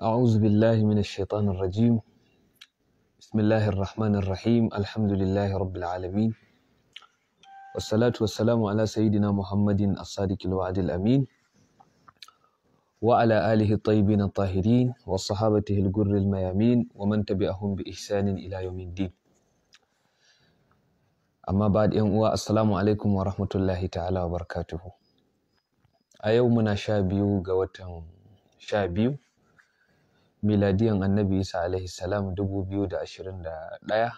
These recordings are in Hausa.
أعوذ بالله من الشيطان الرجيم بسم الله الرحمن الرحيم الحمد لله رب العالمين والصلاة والسلام على سيدنا محمد الصادق الوعد الأمين وعلى آله الطيبين الطاهرين وصحابته الجر الميامين ومن تبعهم بإحسان إلى يوم الدين amma ba da uwa assalamu alaikum wa rahmatullahi ta'ala wa barakatuhu a yau muna sha biyu ga watan sha biyu miladiyan annabi isa alaihi salam ɗaya,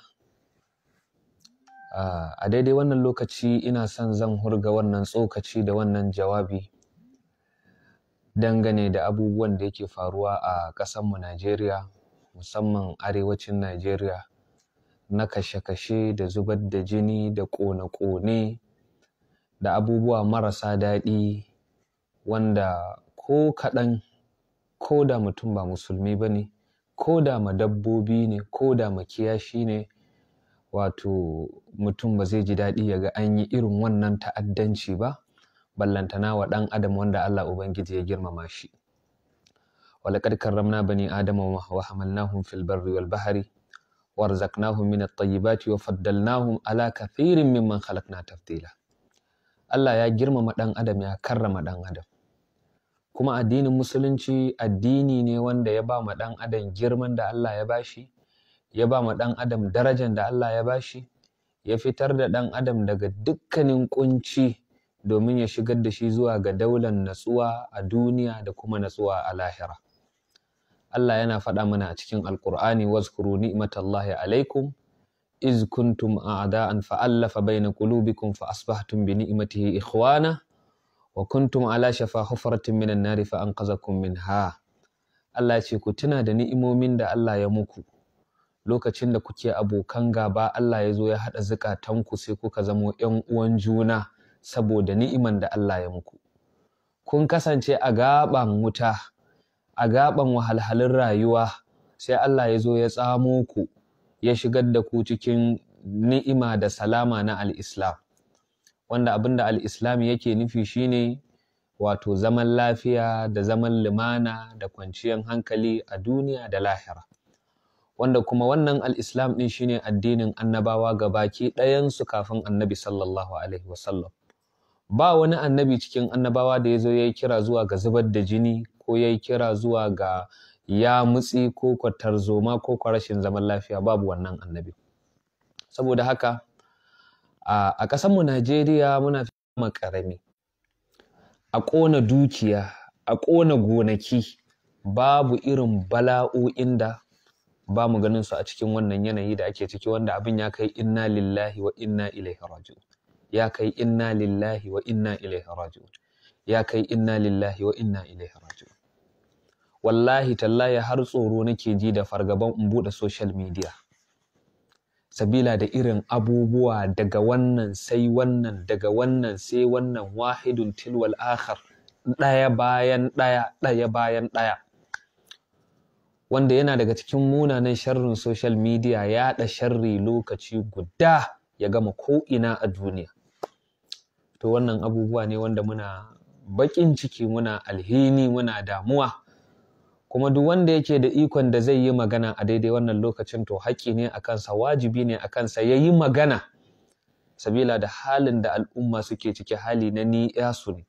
a daidai wannan lokaci ina son zan hurga wannan tsokaci da wannan jawabi dangane da abubuwan da yake faruwa a ƙasanmu najeriya musamman arewacin najeriya na kashe-kashe da zubar da jini da ƙone-ƙone da abubuwa marasa daɗi wanda ko kaɗan ko da mutum ba musulmi ba ne ko da ma dabbobi ne ko da ma kiyashi ne wato mutum ba zai ji daɗi ya ga an yi irin wannan ta'addanci ba ballantana wa ɗan adam wanda Allah Ubangiji ya girmama shi bani Adamu, كرمنا بني آدم bahari في البر والبحر وارزقناهم wa faddalnahu وفضلناهم firin كثير ممن na Tafdila. Allah ya girmama ɗan adam ya karrama ɗan adam kuma addinin musulunci addini ne wanda ya ba ma ɗan adam girman da Allah ya bashi ya ba ma ɗan adam darajan da Allah ya bashi ya fitar da ɗan adam daga dukkanin kunci domin ya shigar da shi zuwa ga daular natsuwa a duniya da kuma natsuwa a lahira Allah yana faɗa mana a cikin Alƙur'ani wazkuru ni'matallahi alaikum iz kuntum a'da'an fa'allafa baina qulubikum fa asbahtum bi ni'matihi ikhwana wa kuntum ala shafa hufaratin minan nari fa min ha? Allah ce ku tuna da ni'imomin da Allah ya muku lokacin da kuke abokan gaba Allah ya zo ya haɗa zukatanku sai kuka zamo ‘yan uwan juna saboda ni'iman da Allah ya muku. Kun kasance a gaban wuta, a gaban wahalhalun rayuwa sai Allah ya zo ya tsamo ku ya shigar da ku cikin ni'ima da salama na al'islam. wanda abinda al-islam yake nufi shine wato zaman lafiya da zaman limana da kwanciyar hankali a duniya da lahira wanda kuma wannan al-islam din shine addinin annabawa ga gabaki ɗayansu kafin annabi sallallahu alaihi wasallam ba wani annabi cikin annabawa da ya zo ya yi kira zuwa ga zubar da jini ko ya yi kira zuwa ga ya mutsi ko kwatar zoma ko rashin zaman lafiya babu wannan annabi saboda haka a ƙasar mu najeriya muna fama ƙarami a ƙona dukiya a ƙona gonaki babu irin bala'o'in da ba mu ganin su a cikin wannan yanayi da ake ciki wanda abin ya kai inna lillahi wa inna ilaihi raji'un ya kai inna lillahi wa inna ilaihi raji'un ya kai inna lillahi wa inna ilaihi raji'un wallahi tallahi har tsoro nake ji da fargaban in buɗe social media sabila da irin abubuwa daga wannan sai wannan daga wannan sai wannan wahidun tilwal akhar ɗaya bayan ɗaya ɗaya bayan ɗaya wanda yana daga cikin munanan sharrin social media yaɗa sharri lokaci guda ya gama ko'ina a duniya to wannan abubuwa ne wanda muna baƙin ciki muna alhini muna damuwa kuma duk wanda yake da ikon da zai yi magana a daidai wannan lokacin to haƙƙi ne a kansa wajibi ne a kansa ya yi magana sabila da halin da al'umma suke ciki hali na ni ya su ne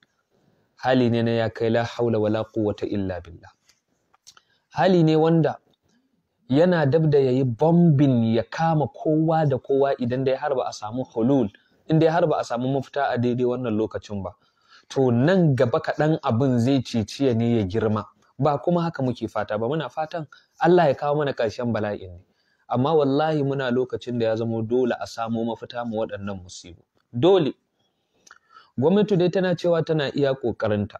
hali ne na ya kai la haula wala quwwata illa billah hali ne wanda yana dab da yayi bombin ya kama kowa da kowa idan dai har ba a samu hulul in dai har ba a samu mafita a daidai wannan lokacin ba to nan gaba kaɗan abin zai ciciye ne ya girma ba kuma haka muke fata ba muna fatan Allah ya kawo mana ƙarshen bala'in ne amma wallahi muna lokacin da ya zamo dole a samo mafita mu waɗannan musibu dole gwamnati dai tana cewa tana iya ƙoƙarinta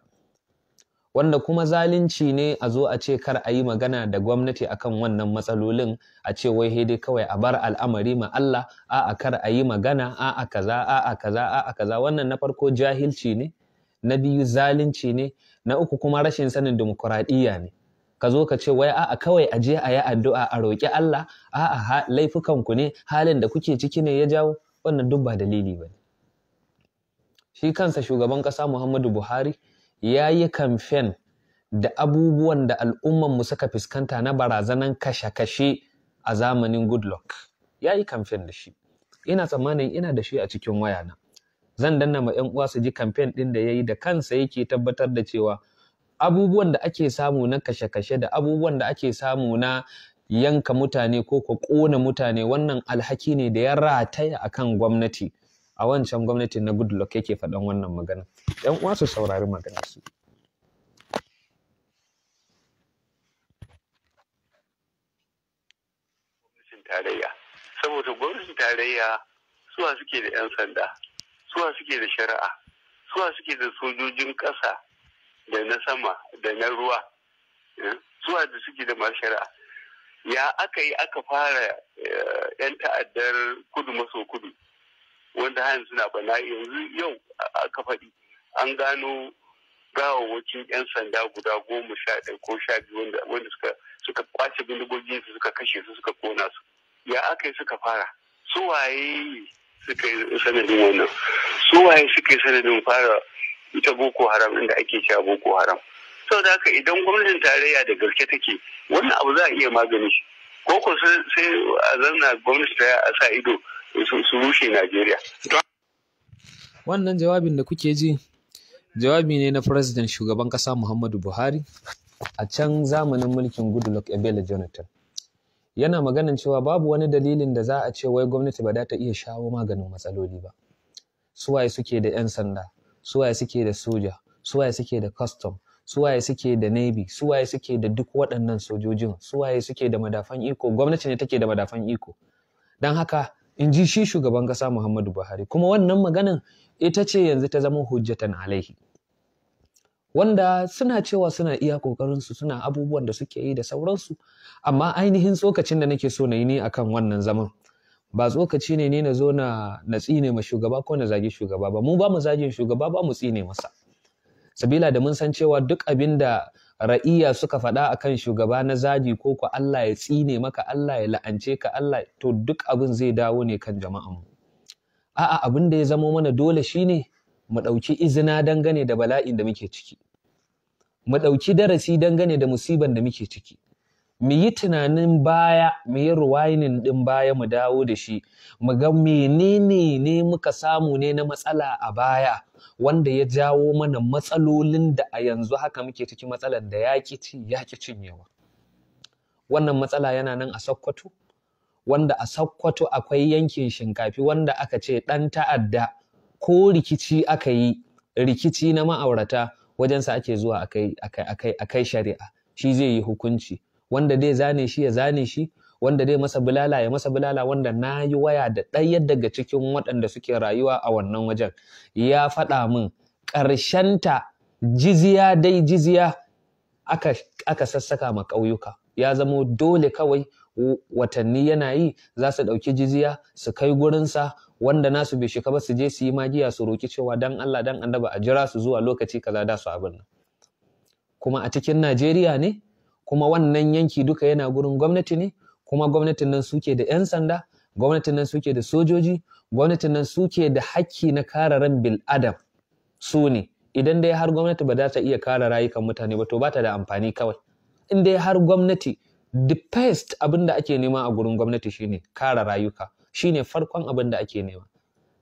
wanda kuma zalunci ne a zo a ce kar a yi magana da gwamnati akan wannan matsalolin a ce wai he dai kawai a bar al'amari ma Allah a a kar a yi magana a a kaza a a kaza a a kaza wannan na farko jahilci ne na biyu zalunci ne na uku kuma rashin sanin dimokuraɗiyya ne ka zo ka ce wai a'a kawai a je a yi addu'a a roƙi Allah a'a laifukan ku ne halin da kuke ciki ne ya jawo wannan duk ba dalili ba ne shi kansa shugaban ƙasa Muhammadu Buhari ya yi kamfen da abubuwan da al'umman mu suka fuskanta na barazanan kashe-kashe a zamanin Goodluck ya yi kamfen da shi ina tsammanin ina da shi a cikin wayana zan danna ma yan uwa su ji campaign din da yayi da kansa yake tabbatar da cewa abubuwan da ake samu na kashe-kashe da abubuwan da ake samu na yanka mutane ko ko kona mutane wannan alhaki ne da ya rataya akan gwamnati a wancan gwamnati na goodluck yake faɗan wannan magana yan uwa su saurari magana su tarayya saboda gwamnatin tarayya suwa suke da 'yan sanda suwa suke da shari'a suwa suke da sojojin ƙasa da na sama da na ruwa eh, suwa da suke da masu shari'a ya aka yi aka fara eh, 'yan ta'addar kudu maso kudu wanda hayan suna bana yanzu yau aka faɗi an gano gawawwakin 'yan sanda guda goma sha ɗaya ko sha biyu wanda suka kwace bindigogin su suka kashe su suka kona su ya aka yi suka fara su waye suka yi sanadin wannan su waye suka yi sanadin fara ita boko haram inda ake cewa boko haram sau da haka idan gwamnatin tarayya da gaske take wannan abu za a iya magani ko ko sai a zanna gwamnati ta a sa ido su rushe Najeriya. Wannan jawabin da kuke ji jawabi ne na president shugaban ƙasa Muhammadu Buhari a can zamanin mulkin Goodluck Ebele Jonathan. yana maganan cewa babu wani dalilin da za a ce wai gwamnati ba za ta iya shawo maganin matsaloli ba suwaye suke da 'yan sanda suwaye suke da soja suwaye suke da custom suwaye suke da navy suwaye suke da duk waɗannan sojojin suwaye suke da madafan iko gwamnati ne take da madafan iko don haka in ji shi shugaban ƙasa muhammadu buhari kuma wannan maganan ita ce yanzu ta zama hujjatan alaihi wanda suna cewa suna iya ƙoƙarinsu suna abubuwan da suke yi da sauransu amma ainihin tsokacin da nake so na yi ne akan wannan zaman ba tsokaci ne ne na zo na na tsine ma shugaba ko na zagi shugaba ba mu ba mu zagin shugaba ba mu tsine masa sabila da mun san cewa duk abin da ra'iya suka faɗa akan shugaba na zagi ko ku Allah ya tsine maka Allah ya la'ance ka Allah to duk abin zai dawo ne kan jama'an mu a'a abin da ya zamo mana dole shine mu ɗauki izina dangane da bala'in da muke ciki mu ɗauki darasi dangane da musiban da muke ciki mu yi tunanin baya mu yi ruwainin ɗin baya mu dawo da shi mu ga menene ne muka samu ne na matsala a baya wanda ya jawo mana matsalolin da a yanzu haka muke ciki matsalar da ya ki cinyewa wannan matsala yana nan a sakkwato wanda a sakkwato akwai yankin shinkafi wanda aka ce ɗan ta'adda ko rikici aka yi rikici na ma'aurata wajensa ake zuwa a kai shari'a shi zai yi hukunci wanda dai zane shi ya zane shi wanda dai masa bulala ya masa bulala wanda na yi waya da ɗaya daga cikin waɗanda suke rayuwa a wannan wajen ya faɗa min ta jiziya dai jiziya aka, sassaka ma ƙauyuka ya zamo dole kawai watanni yana yi za su ɗauki jiziya su kai gurinsa wanda nasu bai shiga ba su je su yi magiya su roki cewa dan Allah dan annaba a jira su zuwa lokaci kaza da su abin nan kuma a cikin Najeriya ne kuma wannan yanki duka yana gurin gwamnati ne kuma gwamnatin nan suke da 'yan sanda gwamnatin nan suke da sojoji gwamnatin nan suke da hakki na kare ran bil adam su ne idan dai har gwamnati ba za ta iya kare rayukan mutane ba to ba ta da amfani kawai in dai har gwamnati the first abin da ake nema a gurin gwamnati shine kare rayuka shine farkon abin da ake nema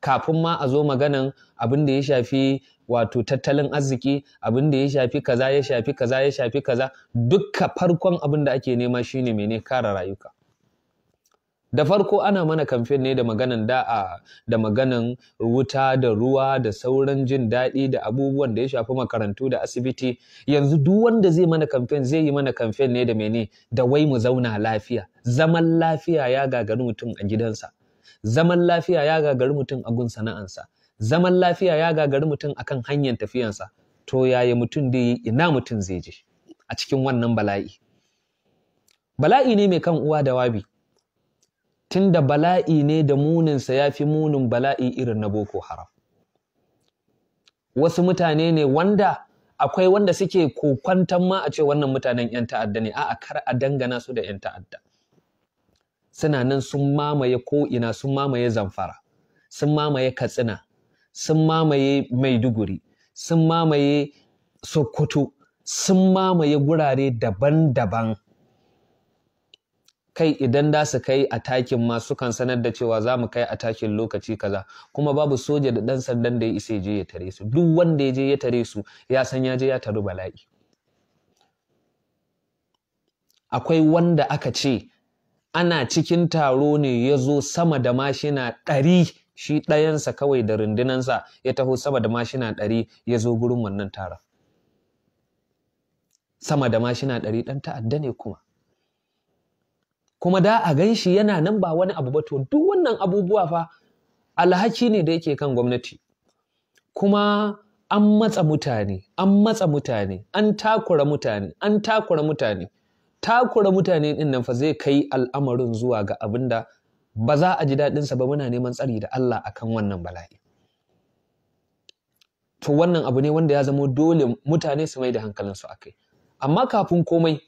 kafin ma a zo maganan abin da ya shafi wato tattalin arziki abin da ya shafi kaza ya shafi kaza ya shafi kaza dukka farkon abin da ake nema shine mene kare rayuka da farko ana mana kamfen ne da maganan da'a da maganan wuta da ruwa da sauran jin daɗi da abubuwan da ya shafi makarantu da asibiti yanzu duk wanda zai mana kamfen zai yi mana kamfen ne da mene da wai mu zauna lafiya zaman lafiya ya gagari mutum a gidansa zaman lafiya ya gagari mutum a gun sana'ansa zaman lafiya ya gagari mutum akan hanyar tafiyansa to yaya mutum dai ina mutum zai je a cikin wannan bala'i bala'i ne mai kan uwa da wabi tunda bala'i ne da muninsa ya fi munin bala'i irin na boko haram wasu mutane ne wanda akwai wanda suke kokwantan ma a ce wannan mutanen 'yan ta'adda ne a'a kar a dangana su da 'yan ta'adda suna nan sun mamaye ko'ina sun mamaye zamfara sun mamaye katsina sun mamaye maiduguri sun mamaye sokoto sun mamaye gurare daban-daban kai idan da su kai a takin ma sukan sanar da cewa za mu kai a takin lokaci kaza kuma babu soja da ɗan sandan da ya isa je ya tare su duk wanda ya je ya tare su ya san ya je ya taru bala'i akwai wanda aka ce ana cikin taro ne ya zo sama da mashina ɗari shi ɗayansa kawai da rundunansa ya taho sama da mashina ɗari ya zo gurin wannan taron sama da mashina ɗari ɗan ta'adda ne kuma kuma da a gan shi yana nan ba wani abu ba to duk wannan abubuwa fa alhaki ne da yake kan gwamnati kuma an matsa mutane an matsa mutane an takura mutane an takura mutane takura mutane din nan fa zai kai al'amarin zuwa ga abin da ba za a ji sa ba muna neman tsari da Allah akan wannan bala'i to wannan abu ne wanda ya zama dole mutane su mai da hankalin su akai amma kafin komai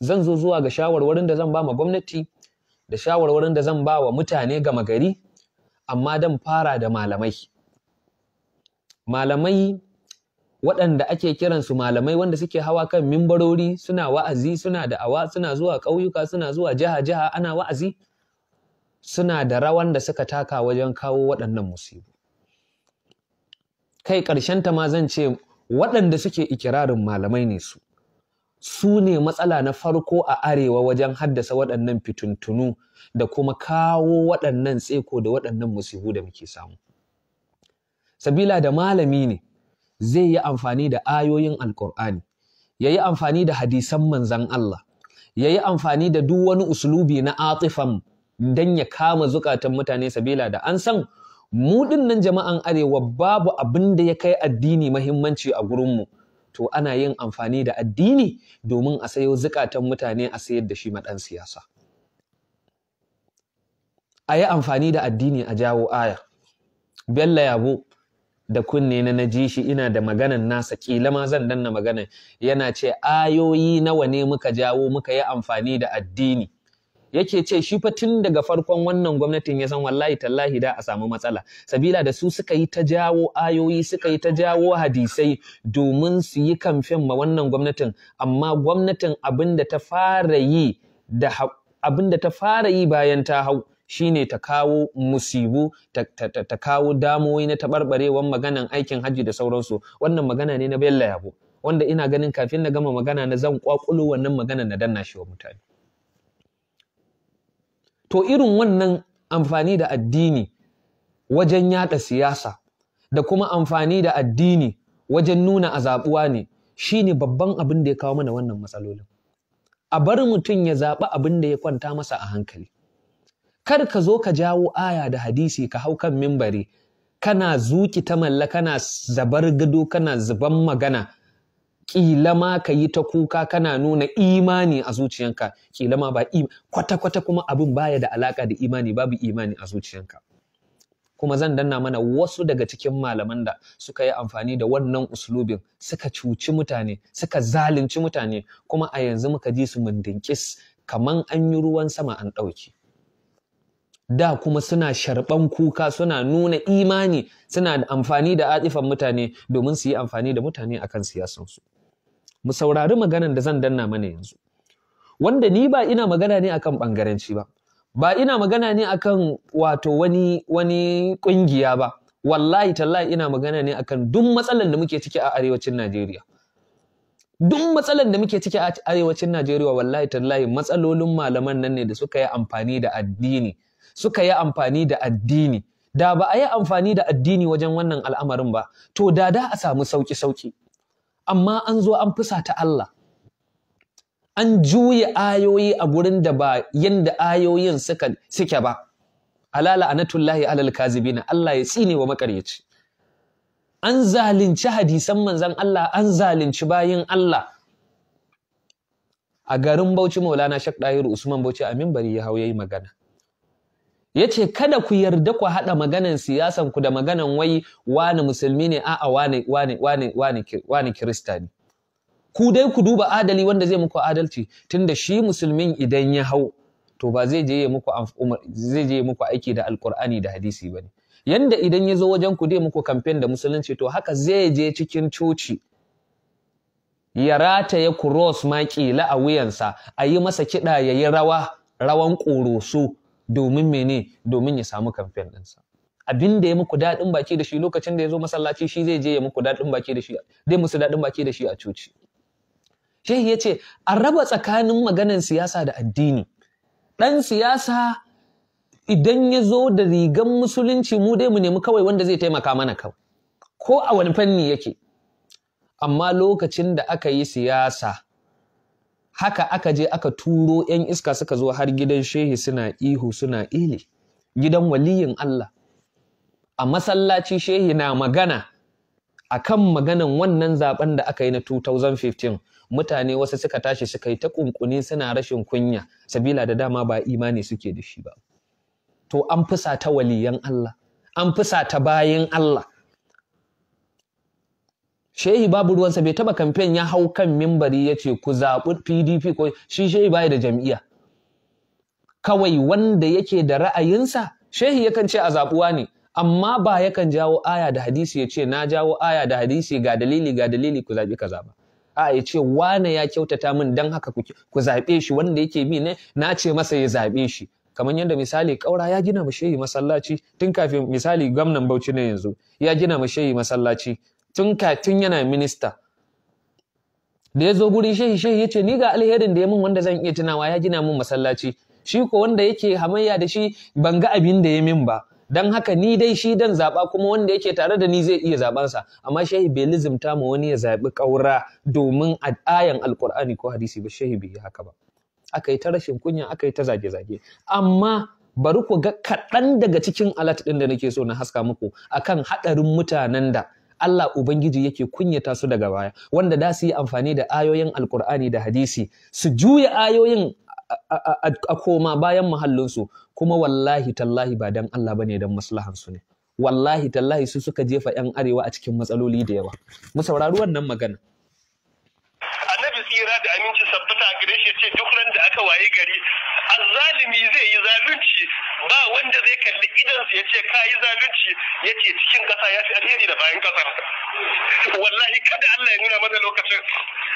zan zo zuwa ga shawarwarin da zan ba ma gwamnati da shawarwarin da zan ba wa mutane gama gari amma dan fara da malamai malamai waɗanda ake kiransu malamai wanda suke hawa kan mimbarori suna wa'azi suna da awa, suna zuwa ƙauyuka suna zuwa jiha-jiha ana wa'azi suna da rawan da suka taka wajen kawo waɗannan musibu kai ƙarshen ta ma zan ce waɗanda suke ikirarin malamai ne su su ne matsala na farko a arewa wajen haddasa waɗannan fituntunu da kuma kawo waɗannan tseko da waɗannan musibu da muke samu sabila da malami ne zai yi amfani da ayoyin alkur'ani ya yi amfani da hadisan manzan Allah ya yi amfani da duk wani usulubi na atifan don ya kama zukatan mutane sabila da an san mu nan jama'an arewa babu abin da ya kai addini mahimmanci a gurinmu to ana yin amfani da addini domin a sayo zukatan mutane a sayar da shi maɗan siyasa a yi amfani da addini a jawo aya Bello yabo da kunne na na ji shi ina da maganan nasa kila ma zan danna maganan yana ce ayoyi nawa ne muka jawo muka yi amfani da addini yake ce shi fa tun daga farkon wannan gwamnatin ya san wallahi tallahi da a samu matsala sabila da su suka yi ta jawo ayoyi suka yi ta jawo hadisai domin su yi kamfen ma wannan gwamnatin amma gwamnatin abin ta fara yi da abin da ta fara yi bayan ta hau shine ta kawo musibu ta kawo damuwoyi na taɓarɓarewar maganan aikin hajji da sauransu wannan magana ne na bella yabo wanda ina ganin kafin na gama magana na zan kwakulo wannan magana na danna shi wa mutane to irin wannan amfani da addini wajen yada siyasa da kuma amfani da addini wajen nuna azabuwa ne shine babban abin da ya kawo mana wannan matsalolin a bar mutum ya zaɓi abin da ya kwanta masa a hankali kar ka zo ka jawo aya da hadisi ka hau kan mimbari kana zuki ta malla kana zabar gado kana zuban magana kila ma ka yi ta kuka kana nuna imani a zuciyanka kila ma ba kwata kwata kuma abin baya da alaka da imani babu imani a zuciyanka kuma zan danna mana wasu daga cikin malaman da suka yi amfani da wannan uslubin suka cuci mutane suka zalunci mutane kuma a yanzu muka ji su mundinkis kaman an yi ruwan sama an ɗauki. da kuma suna sharɓan kuka suna nuna imani suna da amfani da atifan mutane domin su yi amfani da mutane akan siyasansu mu saurari maganan da zan danna mana yanzu wanda ni ba ina magana ne akan bangaranci ba ba ina magana ne akan wato wani wani kungiya ba wallahi tallahi ina magana ne akan duk matsalan da muke ciki a arewacin Najeriya duk matsalan da muke ciki a arewacin Najeriya wallahi tallahi matsalolin malaman nan ne da suka yi amfani da addini suka yi amfani da addini da ba a yi amfani da addini wajen wannan al'amarin ba to da da a samu sauki sauki amma an zo an fusata Allah an juya ayoyi a gurin da ba yanda ayoyin suka suke ba ala la'anatullahi alal kazibina Allah ya tsine wa makaryaci an zalunci hadisan manzon Allah an zalunci bayin Allah a garin Bauchi Maulana Sheikh Dahiru Usman Bauchi a minbari ya hau ya yi magana ya ce kada ku yarda ku haɗa maganan siyasan ku da maganan wai wani musulmi ne a'a wani wani wani wani wani kirista ne ku dai ku duba adali wanda zai muku adalci tunda shi musulmin idan ya hau to ba zai je muku zai je muku aiki da alkur'ani da hadisi bane yanda idan ya zo wajen ku dai muku kamfen da musulunci to haka zai je cikin coci ya rataye cross maƙila a wuyansa a yi masa kiɗa ya yi rawa rawan ƙoroso domin mene domin ya samu kamfen ɗinsa abin da ya muku daɗin baki da shi lokacin da ya zo masallaci shi zai je ya muku daɗin baki da shi zai musu daɗin baki da shi a coci shehi ya ce a raba tsakanin maganan siyasa da addini ɗan siyasa idan ya zo da rigan musulunci mu dai mu nemi kawai wanda zai taimaka mana kawai ko a wani fanni yake amma lokacin da aka yi siyasa haka aka je aka turo 'yan iska suka zo har gidan shehi suna ihu suna ile gidan waliyin Allah a masallaci shehi na magana a kan maganan wannan zaben da aka yi na 2015 mutane wasu suka tashi suka yi ta kunkuni suna rashin kunya sabila da dama ba imani suke da shi ba to an fusa ta waliyan Allah an fusa ta bayan Allah shehi babu ruwansa bai taba kamfen ya hau kan mimbari ya ce ku zaɓi pdp ko shi shehi baya da jam'iyya kawai wanda yake da ra'ayinsa shehi yakan ce a zaɓuwa ne amma ba yakan jawo aya da hadisi ya ce na jawo aya da hadisi ga dalili ga dalili ku zaɓi kaza ba a ya ce wane ya kyautata min dan haka ku zaɓe shi wanda yake bi ne na ce masa ya zaɓe shi kamar yadda misali ƙaura ya gina mashehi masallaci tun kafin misali gwamnan bauchi ne yanzu ya gina Shehi masallaci tun katin yana minista da ya zo guri shehi shehi ya ce ni ga alherin da ya min wanda zan iya tunawa ya gina min masallaci shi ko wanda yake hamayya da shi ban ga abin da ya min ba dan haka ni dai shi dan zaba kuma wanda yake tare da ni zai iya zaban sa amma shehi bai lizimta ma wani ya zabi kaura domin ayan alqur'ani ko hadisi ba shehi bai haka ba aka yi ta rashin kunya aka yi ta zage zage amma bari ku ga kaɗan daga cikin alat ɗin da nake so na haska muku akan haɗarin mutanen da Allah ubangiji yake kunyata su daga baya wanda da su yi amfani da ayoyin alkur'ani da hadisi su juya ayoyin a koma bayan mahallinsu kuma wallahi tallahi ba dan Allah bane dan maslahansu ne wallahi tallahi su suka jefa yan arewa a cikin matsaloli da yawa mu saurari wannan magana annabi tsira da aminci sabbata a gare shi ce duk ran da aka waye gari ba wanda zai kalli idansa ya ce ka yi zalunci ya ce cikin ƙasa ya fi alheri da bayan ƙasar wallahi kada Allah ya nuna mana lokacin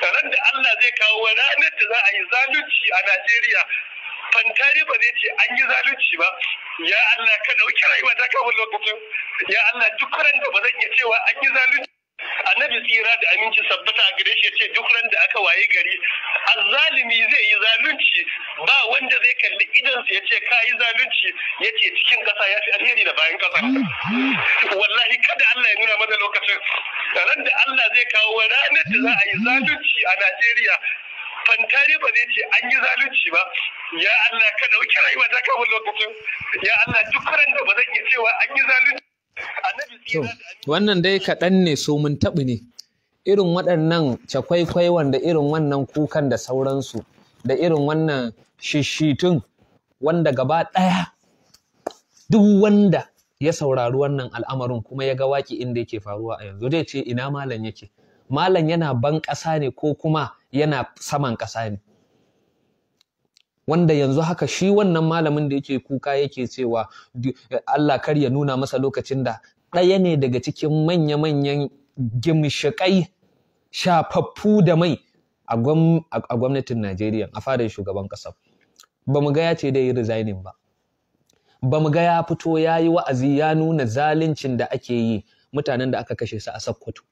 ran da Allah zai kawo ranar da za a yi zalunci a Najeriya fantari ba zai ce an yi zalunci ba ya Allah ka ɗauki rayuwa ta kawo lokacin ya Allah duk ran da ba zan iya cewa an yi zalunci annabi tsira da aminci sabbata a gare shi ya ce duk ran da aka waye gari azzalimi zai yi zalunci ba wanda zai kalli idansa ya ce ka yi zalunci ya ce cikin ƙasa ya fi alheri da bayan kasa wallahi kada Allah ya nuna mana lokacin ran da Allah zai kawo ranar da za a yi zalunci a Najeriya fantari ba zai ce an yi zalunci ba ya Allah ka ɗauki rayuwa ta kawo lokacin ya Allah duk ran da ba zan iya cewa an yi zalunci annabi tsira da wannan dai kaɗan ne so mun taɓi ne irin waɗannan cakwaikwai wanda irin wannan kukan da sauransu da irin wannan shishitun wanda gaba ɗaya duk wanda ya saurari wannan al'amarin kuma ya ga waki inda yake faruwa a yanzu zai ce ina malam yake malam yana ban ƙasa ne ko kuma yana saman ƙasa ne wanda yanzu haka shi wannan malamin da yake kuka yake cewa Allah kar ya nuna masa lokacin da ɗaya ne daga cikin manya-manyan gimshiƙai shafaffu da mai a gwamnatin Najeriya a fadar shugaban ƙasa. Ba mu ga ya ce da yi resigning ba. Ba mu ga ya fito ya yi wa'azi ya nuna zaluncin da ake yi mutanen da aka kashe su a Sokoto.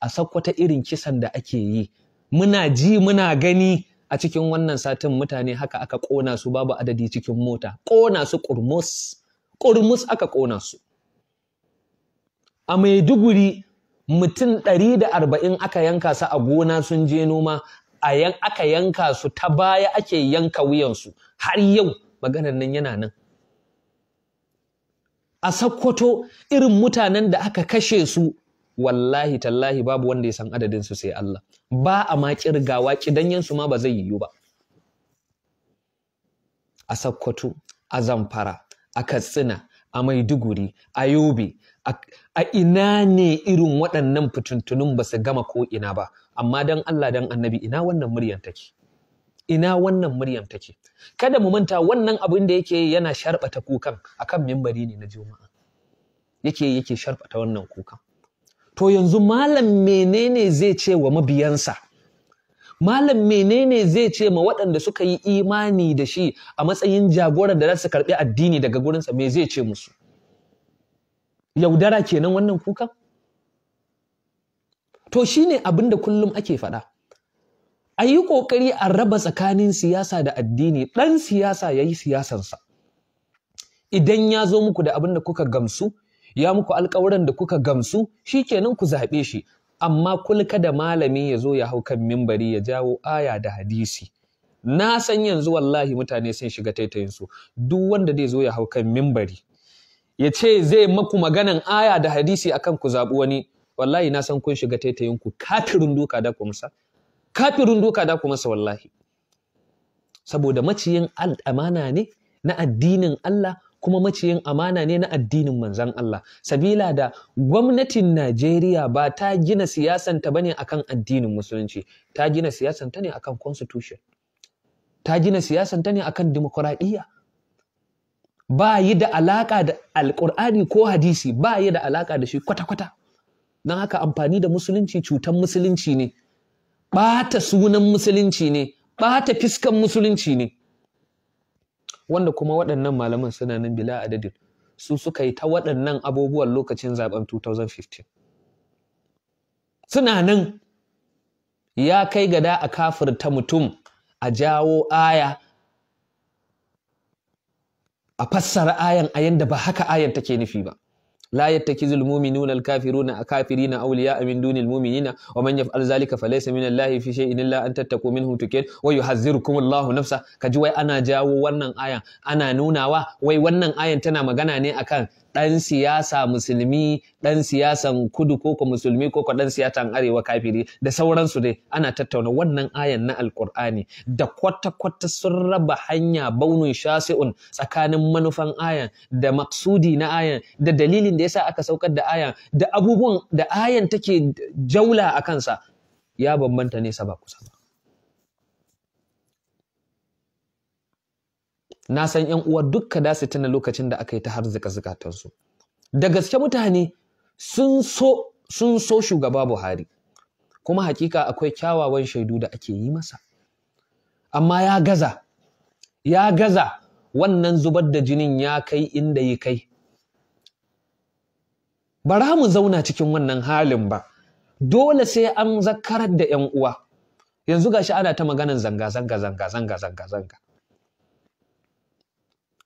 A Sokoto irin kisan da ake yi. Muna ji muna gani a cikin wannan satin mutane haka aka ƙona su babu adadi cikin mota. Ƙona su ƙurmus. Ƙurmus aka ƙona su. a maiduguri mutum ɗari da arba'in aka yanka su a gona sun je noma a yan aka yanka su ta baya ake yanka wuyansu har yau maganar nan yana nan a sakkwato irin mutanen da aka kashe su wallahi tallahi babu wanda ya san adadin su sai Allah ba a ma kirgawa kidanyen su ma ba zai yiwu ba a sakkwato a zamfara a katsina a maiduguri a yobe a ina ne irin waɗannan fitintunun ba su gama ko ina ba amma don Allah don annabi ina wannan muryan take ina wannan muryan take kada mu manta wannan abin da yake yana sharbata kukan kan mimbari ne na juma'a yake yake sharbata wannan kukan to yanzu malam menene zai ce wa mabiyansa malam menene zai ce ma waɗanda suka yi imani da shi a matsayin jagorar da za su karɓi addini daga gurinsa me zai ce musu yaudara kenan wannan kukan to shine abin da kullum ake faɗa a yi ƙoƙari a raba tsakanin siyasa da addini ɗan siyasa ya yi siyasansa idan ya zo muku da abin da kuka gamsu ya muku alkawuran da kuka gamsu shi kenan ku zaɓe shi amma kulka da malami ya zo ya hau kan mimbari ya jawo aya da hadisi na san yanzu wallahi mutane sun shiga taitayinsu duk wanda zai zo ya hau kan mimbari ya ce zai maku maganan aya da hadisi akan ku zaɓi wani wallahi na san kun shiga taitayin ku kafirin duka da kuma masa kafirin duka da kuma masa wallahi saboda maciyin amana ne na addinin Allah kuma maciyin amana ne na addinin manzan Allah sabila da gwamnatin Najeriya ba ta gina siyasanta bane akan addinin musulunci ta gina siyasanta ne akan constitution ta gina siyasanta ne akan demokradiyya ba yi da alaƙa da alƙur'ani ko hadisi ba yi da alaƙa da shi kwata-kwata don haka amfani da musulunci cutan musulunci ne ɓata sunan musulunci ne ɓata fiskan musulunci ne wanda kuma waɗannan malaman suna nan bila adadin su suka yi ta waɗannan abubuwan lokacin zaben 2015 suna nan ya kai gada a kafirta mutum a jawo aya a fassara ayan a yanda ba haka ayan take nufi ba la yattakizul mu'minuna al-kafiruna auliya awliya min dunil mu'minina wa man yaf'al zalika falaysa minallahi fi shay'in illa an tattaqu minhu tuqin wa yuhazzirukum Allahu nafsa ji wai ana jawo wannan ayan ana nunawa wai wannan ayan tana magana ne akan ɗan siyasa musulmi ɗan siyasan kudu ko ko musulmi ko ko ɗan siyasan arewa kafiri da sauransu dai ana tattauna wannan ayan na alkur'ani da kwata kwata sun raba hanya baunun shasi'un tsakanin manufan ayan da maksudi na ayan da dalilin da yasa aka saukar da ayan da abubuwan da ayan take jaula a kansa ya bambanta nesa ba kusa ba na san yan uwa dukka da su tuna lokacin da aka yi ta har zika zukatansu da gaske mutane sun so shugaba Buhari kuma hakika akwai kyawawan shaidu da ake yi masa amma ya gaza ya gaza wannan zubar da jinin ya kai inda yi kai bara mu zauna cikin wannan halin ba dole sai an zakarar da 'yan uwa yanzu gashi ana ta maganar zanga zanga zanga zanga zanga zanga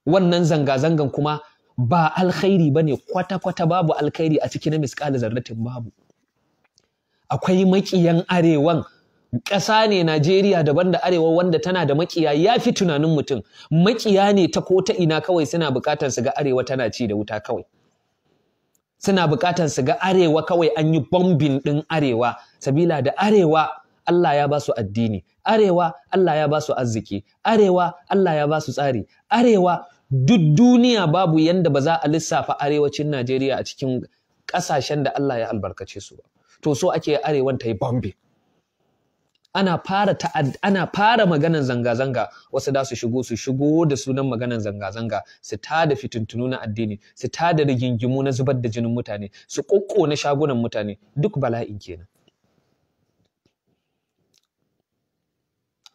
wannan zanga-zangan kuma ba alkhairi ba ne kwata-kwata babu alkhairi a cikin miskali zarratin babu akwai makiyan arewan ƙasa ne Najeriya daban da arewa wanda tana da makiya ya fi tunanin mutum makiya ne ta ko ta ina kawai suna buƙatar su ga arewa tana ci da wuta kawai suna buƙatar su ga arewa kawai an yi bombin ɗin arewa sabila da arewa Allah ya ba su addini arewa Allah ya ba su arziki arewa Allah ya ba su tsari arewa duk duniya babu yanda ba za a lissafa arewacin Najeriya a cikin ƙasashen da Allah ya albarkace su ba to so ake arewan ta yi bambe. ana fara ana fara maganan zanga-zanga wasu da su shigo su shigo da sunan maganan zanga-zanga su tada fitintunu na addini su tada rigingimu na zubar da jinin mutane su kokko na shagunan mutane duk bala'in kenan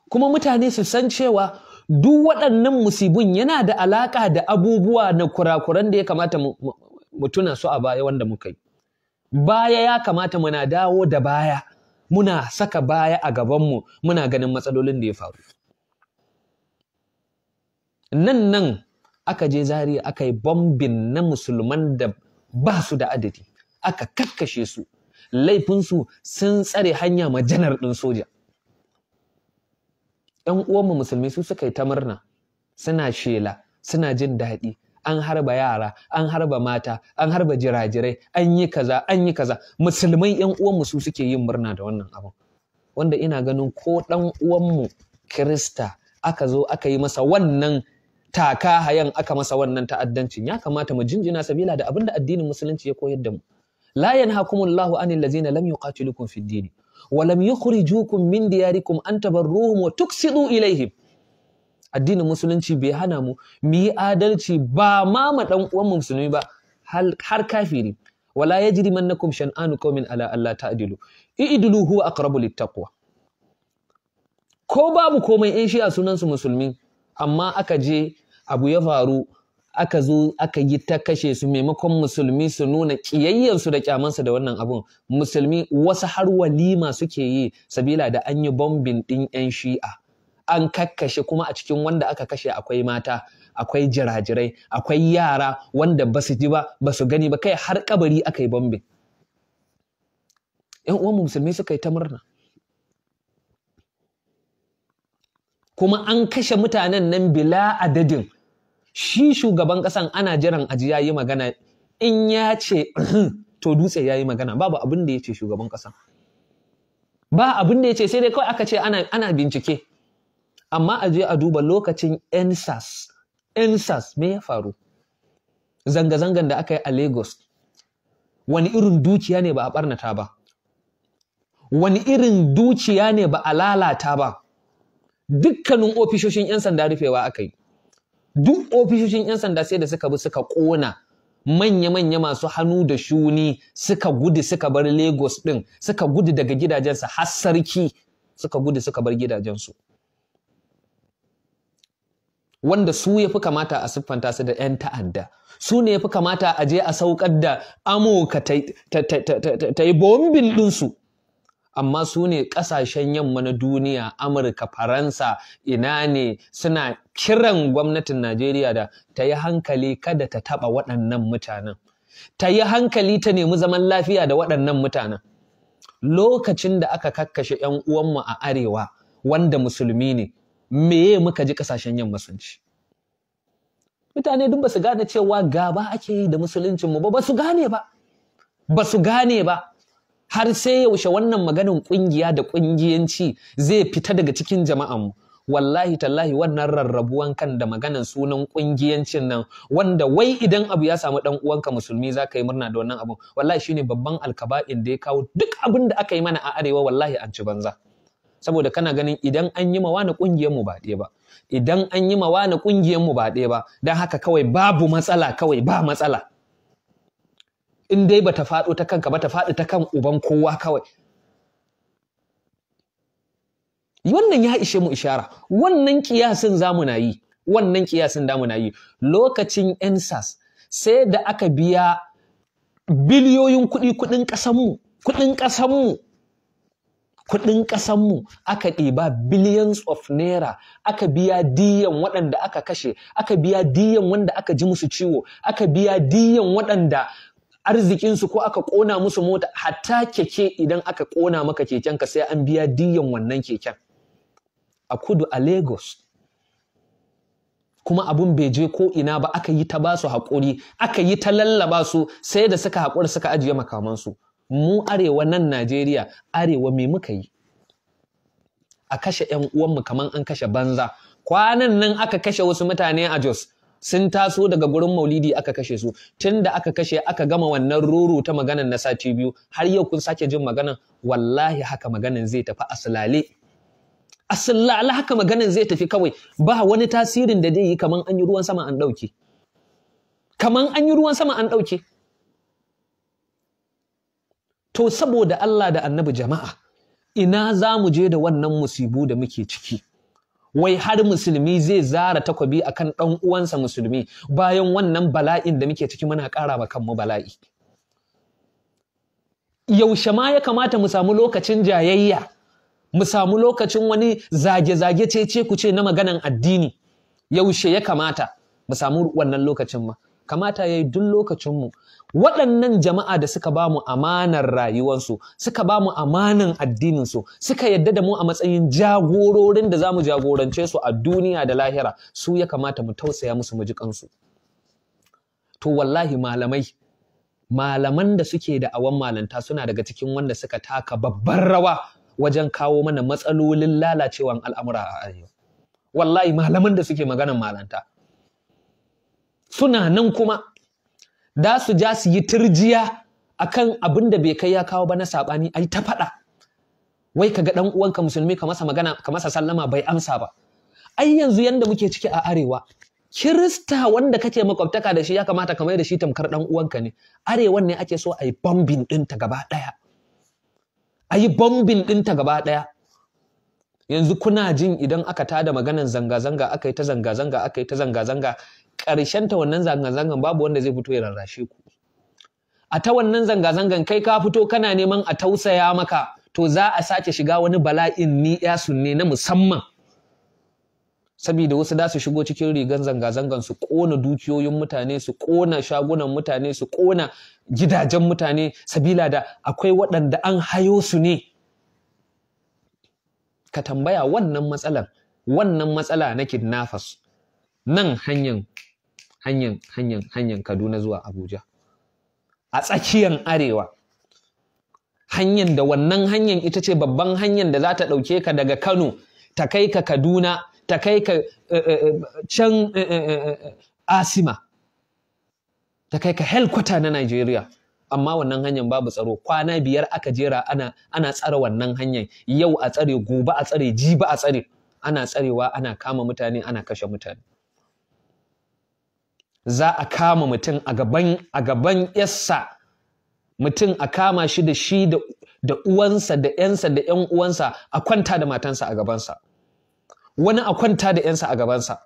kuma mutane su san cewa duk waɗannan musibin yana da alaƙa da abubuwa na kurakuran da ya kamata mu tuna su a baya wanda muka yi baya ya kamata muna dawo da baya muna saka baya a gabanmu muna ganin matsalolin da ya faru nan nan aka je zari aka yi bombin na musulman da ba su da adadi aka kakkashe su laifinsu sun tsare hanya ma janar ɗin soja ‘yan uwanmu musulmi su suka yi ta murna suna shela suna jin daɗi an harba yara an harba mata an harba jirajirai an yi kaza an yi kaza musulmai ‘yan uwanmu su suke yin murna da wannan abin wanda ina ganin ko ɗan uwanmu kirista aka zo aka yi masa wannan taka hayan aka masa wannan ta'addancin ya kamata mu jinjina sabila da abin da addinin musulunci ya koyar da mu la yanhakumullahu anil ladzina lam yuqatilukum fid din walam yukhrijukum min diyarikum an tabarruhum wa tuksidu ilaihim addinin musulunci bai hana mu mu yi adalci ba ma ma dan uwan musulmi ba har kafiri wala yajrimannakum shan'anu qaumin ala alla ta'dilu i'dilu huwa aqrabu littaqwa ko babu komai in shi a sunan su musulmi amma aka je abu ya faru aka zo aka yi ta kashe su maimakon musulmi su nuna ƙiyayyarsu da kyamansu da wannan abun musulmi wasu har walima suke yi sabila da an yi bombin ɗin 'yan shi'a an kakkashe kuma a cikin wanda aka kashe akwai mata akwai jirajirai akwai yara wanda ba su ji ba ba su gani ba kai har kabari aka yi bombin 'yan uwan musulmi suka yi ta murna kuma an kashe mutanen nan bila adadin shi shugaban ƙasan ana jiran aji ya yi magana in ya ce to dutse ya yi magana babu abin da ya ce shugaban ƙasan ba abin da ya ce sai dai kawai aka ce ana, bincike amma aje a duba lokacin ensas ensas me ya faru zanga-zangan da aka yi a lagos wani irin dukiya ne ba a barnata ba wani irin dukiya ne ba a lalata ba dukkanin ofishoshin 'yan sanda rufewa aka yi duk ofishoshin 'yan sanda sai da suka bi suka ƙona manya-manya masu hannu da shuni suka gudu suka bar Lagos ɗin suka gudu daga gidajensu har sarki suka gudu suka bar gidajensu. Wanda su ya fi kamata a siffanta su da 'yan ta'adda, su ne ya fi kamata a je a saukar da amo ta yi bombin ɗinsu. amma su ne ƙasashen yamma na duniya amurka faransa ina ne suna kiran gwamnatin najeriya da ta yi hankali kada ta taɓa waɗannan mutanen ta yi hankali ta nemi zaman lafiya da waɗannan mutanen lokacin da aka kakkashe 'yan uwanmu a arewa wanda musulmi ne meye muka ji ƙasashen yamma sun ci mutane duk ba su gane cewa gaba ake yi da musuluncinmu ba ba su gane ba ba su gane ba har sai yaushe wannan maganin kungiya da kungiyanci zai fita daga cikin jama'anmu wallahi tallahi wannan rarrabuwan kan da maganan sunan kungiyancin nan wanda wai idan abu ya samu dan uwanka musulmi za ka yi murna da wannan abun wallahi shine babban alkaba'in da ya kawo duk abin da aka yi mana a arewa wallahi an ci banza saboda kana ganin idan an yi mawa na ba ɗaya ba idan an yi mawa na ba ɗaya ba dan haka kawai babu matsala kawai ba matsala in dai bata faɗo ta kanka ba ta faɗi ta kan uban kowa kawai wannan ya ishe mu ishara wannan kiyasin za mu na yi wannan kiyasin da na yi lokacin ensas sai da aka biya biliyoyin kuɗi kuɗin ƙasanmu kuɗin ƙasanmu kuɗin ƙasanmu aka ɗiba billions of naira aka biya diyan waɗanda aka kashe aka biya diyan wanda aka ji musu ciwo aka biya diyan waɗanda arzikinsu ko aka ƙona musu mota hatta keke idan aka ƙona maka keken ka sai an biya diyan wannan keken a kudu a lagos kuma abun bai je ko ina ba aka yi ta ba su haƙuri aka yi ta lallaba su sai da suka haƙuri suka ajiye makamansu mu arewa nan najeriya arewa me muka yi a kashe 'yan uwanmu kaman an kashe banza kwanan nan aka kashe wasu mutane a jos sun taso daga gurin maulidi aka kashe su Tun da aka kashe aka gama wannan ruru ta maganan na sati biyu har yau kun sake jin maganan wallahi haka maganan zai tafi asilale asilale haka maganan zai tafi kawai ba wani tasirin da zai yi kaman an yi ruwan sama an ɗauke kaman an yi ruwan sama an ɗauke to saboda Allah da annabi jama'a ina za mu je da wannan musibu da muke ciki wai har musulmi zai zara takobi akan dan uwansa musulmi bayan wannan bala'in da muke ciki muna ƙara ma kanmu bala'i yaushe ma ya kamata mu samu lokacin jayayya mu samu lokacin wani zage-zage ce ku ce na maganan addini yaushe ya kamata mu samu wannan lokacin ma kamata ya yi duk lokacinmu waɗannan jama'a da suka ba mu amanar rayuwarsu suka ba mu amanan addininsu suka yadda da mu a matsayin jagororin da za mu jagorance su a duniya da lahira su ya kamata mu tausaya musu mu to wallahi malamai malaman da suke da awan malanta suna daga cikin wanda suka taka babbar rawa wajen kawo mana matsalolin lalacewan al'amura a arewa wallahi malaman da suke maganan malanta suna nan kuma da su ja su yi turjiya akan abin da bai kai ya kawo ba na saɓani. ai ta faɗa wai kaga dan uwanka musulmi ka masa magana ka masa sallama bai amsa ba ai yanzu yanda muke ciki a arewa kirista wanda kake makwabtaka da shi ya kamata ka mai da shi tamkar dan uwanka ne arewan ne ake so a yi bombin ta gaba ɗaya a yi bombin ɗinta gaba ɗaya yanzu kuna jin idan aka tada maganan zanga-zanga aka yi ta zanga-zanga aka yi ta zanga-zanga ƙarshen ta wannan zanga-zangan babu wanda zai fito ya rarrashe ku a ta wannan zanga-zangan kai ka fito kana neman a tausaya maka to za a sake shiga wani bala'in ni ne na musamman saboda wasu za su shigo cikin rigan zanga-zangan su ƙona dukiyoyin mutane su ƙona shagunan mutane su ƙona gidajen mutane sabila da akwai waɗanda an hayo su ne ka tambaya wannan matsalar wannan matsala na kidnafas nan hanyar hanyan hanyan hanyan Kaduna zuwa Abuja a tsakiyar arewa hanyan da wannan hanyan ita ce babban hanyan da za ta ɗauke ka daga Kano ta kai ka Kaduna ta kai ka eh, eh, eh, can Asima ta kai ka helkwata na Najeriya amma wannan hanyar babu tsaro kwana biyar aka jera ana ana tsare wannan hanyan yau a tsare gobe a tsare jibi a tsare ana tsarewa ana kama mutane ana kashe mutane za a kama mutum a gaban a yassa mutum a kama shi da shi da uwansa da yansa da yan uwansa a kwanta da matansa a gabansa wani a kwanta da yansa a gabansa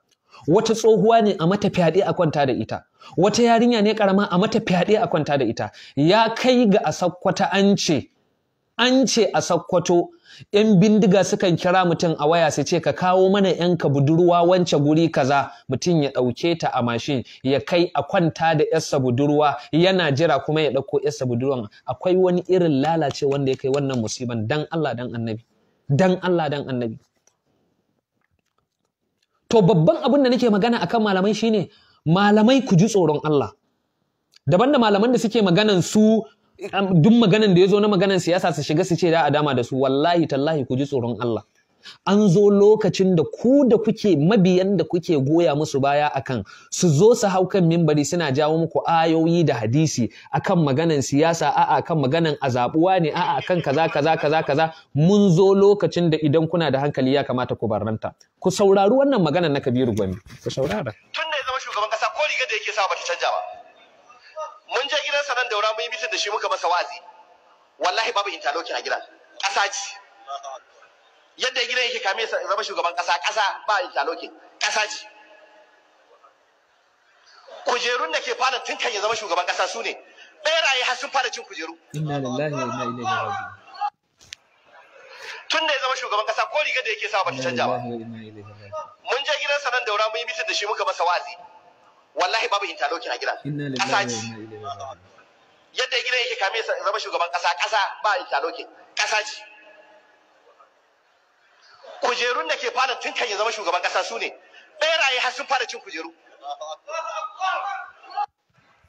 wata tsohuwa ne a mata fyaɗe a kwanta da ita wata yarinya ne karama a mata fyaɗe a kwanta da ita ya kai ga a sakkwata an ce an ce a sakkwato yan bindiga sukan kira mutum a waya su ce ka kawo mana yanka budurwa wancan guri kaza mutum ya ɗauke ta a mashin ya kai a kwanta da yarsa budurwa yana jira kuma ya ɗauko yarsa budurwan akwai wani irin lalace wanda ya kai wannan musiban dan Allah dan annabi dan Allah dan annabi to babban abin da nake magana akan malamai shine malamai ku ji tsoron Allah daban da malaman da suke maganan su duk maganan da ya zo na maganan siyasa su shiga su ce da a dama da su wallahi tallahi ku ji tsoron Allah an zo lokacin da ku da kuke mabiyan da kuke goya musu baya akan su zo su hau kan mimbari suna jawo muku ayoyi da hadisi akan maganan siyasa a'a akan maganan azabuwa ne a'a akan kaza kaza kaza kaza mun zo lokacin da idan kuna da hankali ya kamata ku barranta ku saurari wannan maganan na Kabiru Gombe ku saurara tun da ya zama shugaban kasa ko riga da yake sa ta canja ba mun je gidansa nan daura mun yi mitin da shi muka masa wazi wallahi babu interlocking a gidan ƙasa ce yadda gidan yake kame zama shugaban ƙasa ƙasa ba interlocking ƙasa ce kujerun da ke fara tun kan ya zama shugaban ƙasa su ne ɓeraye har sun fara cin kujeru inna lillahi wa inna ilaihi raji'un tun da ya zama shugaban ƙasa ko riga da yake sa ba ta canja ba mun je gidansa nan daura mun yi mitin da shi muka masa wazi wallahi babu interlocking a gidan kasa ce yadda gidan yake kame zama shugaban kasa kasa ba interlocking kasa ce kujerun da ke fara tun kan ya zama shugaban kasa su ne ɓeraye har sun fara cin kujeru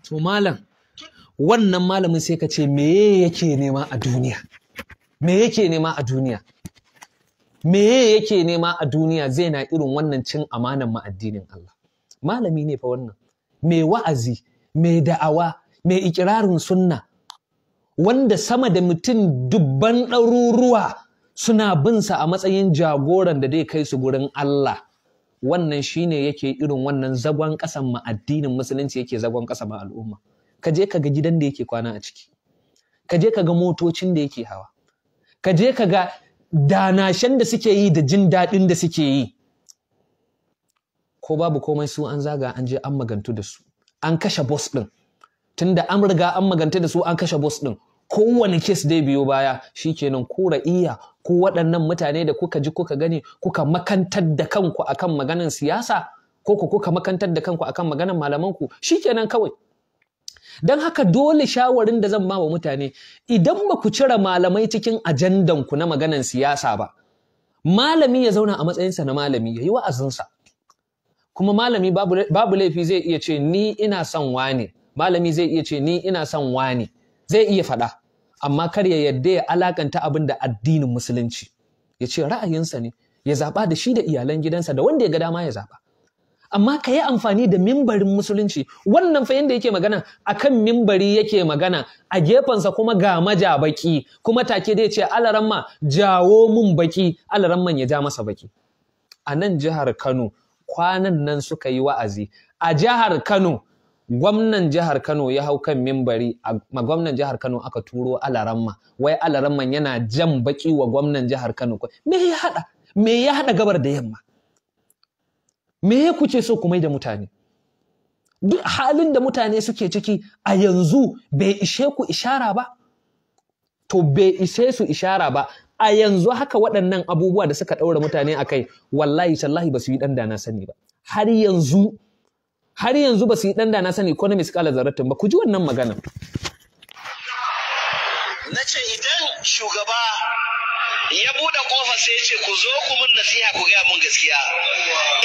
to malam wannan malamin sai ka ce me yake nema a duniya me yake nema a duniya me yake nema a duniya zai na irin wannan cin amanan ma addinin Allah malami ne fa wannan mai wa'azi mai da'awa mai ikirarin sunna wanda sama da mutum dubban ɗaruruwa suna binsa a matsayin jagoran da zai kai su gurin Allah wannan shine yake irin wannan zagon ƙasan ma addinin musulunci yake zagon ƙasa ma al'umma ka je ka ga gidan da yake kwana a ciki ka je ka ga motocin da yake hawa ka je ka ga danashen da suke yi da jin daɗin da suke yi ko babu komai su an zaga an je an magantu da su an kashe boss din tunda an riga an maganta da su an kashe boss din kowane kes dai biyo baya shikenan ko ra'iya ko waɗannan mutane da kuka ji kuka gani kuka makantar da kanku akan maganan siyasa ko ku kuka makantar da kanku akan maganan malamanku shikenan kawai don haka dole shawarin da zan ba wa mutane idan ba ku cire malamai cikin ajandanku na maganan siyasa ba malami ya zauna a matsayinsa na malami ya yi wa'azinsa kuma malami babu laifi zai iya ce ni ina son wani malami zai iya ce ni ina son wani zai iya faɗa amma kar ya yadda ya alakanta abin da addinin musulunci ya ce ra'ayinsa ne ya zaɓa da shi da iyalan gidansa da wanda ya ga dama ya zaɓa amma ka yi amfani da mimbarin musulunci wannan fa yanda yake magana a kan mimbari yake magana a gefensa kuma ga maja baki kuma take dai ce alaramma jawo mun baki alaramman ya ja masa baki a nan jihar Kano kwanan nan suka yi wa'azi a jihar Kano gwamnan jihar Kano ya hau kan mimbari a gwamnan jihar Kano aka turo alaramma wai alaramman yana jan baki wa gwamnan jihar Kano me ya haɗa? me ya hada gabar da yamma me ya kuce so kuma da mutane duk halin da mutane suke ciki a yanzu bai ishe ku ishara ba to bai ishe su ishara ba a yanzu haka waɗannan abubuwa da suka ɗaura mutane a kai wallahi tallahi ba su yi ɗan da na sani ba har yanzu har yanzu ba su yi ɗan da sani ko na kala zaratin ba ku ji wannan magana na ce idan shugaba ya buɗe ƙofa sai ya ce ku zo ku mun nasiha ku gaya mun gaskiya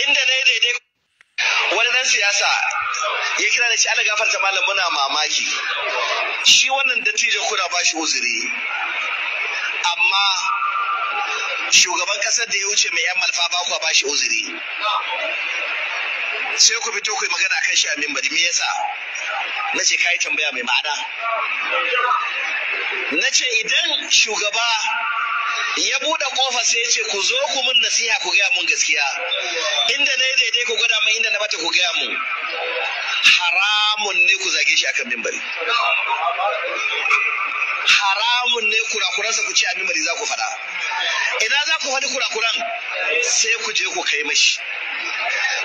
inda na yi daidai wani dan siyasa ya kira da shi ana gafarta malam muna mamaki shi wannan dattijo kuna ba shi uzuri amma shugaban kasar da ya wuce mai yan malfa ba kuwa bashi uzuri sai ku fito ku yi magana kan shi a mimbari me yasa na ce kayi tambaya mai ma'ana na ce idan shugaba ya buɗe kofa sai ya ce ku zo ku mun nasiha ku gaya mun gaskiya inda na yi daidai ku gwada mun inda na bata ku gaya mun haramun ne ku zage shi akan mimbari haramun ne kurakuransa ku ce a mimbari za ku faɗa ina za ku faɗi kurakuran sai ku je ku kai mashi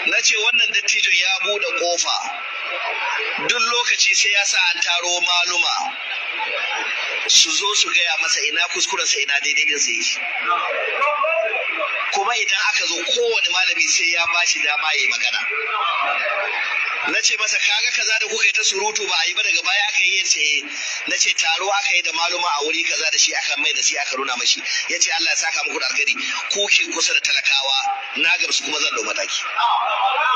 na ce wannan dattijon ya buɗe ƙofa duk lokaci sai ya sa an taro maluma su zo su gaya masa ina kuskurensa ina daidai din sai kuma idan aka zo kowane malami sai ya bashi shi dama ya yi magana na ce masa kaga kaza da kuka yi ta surutu ba a yi ba daga baya aka yi yace eh. na ce taro aka yi da maluma a wuri kaza da shi aka mai da shi aka nuna mashi ya ce Allah ya saka muku da alkhairi ku ke kusa da talakawa na gamsu kuma zan dau mataki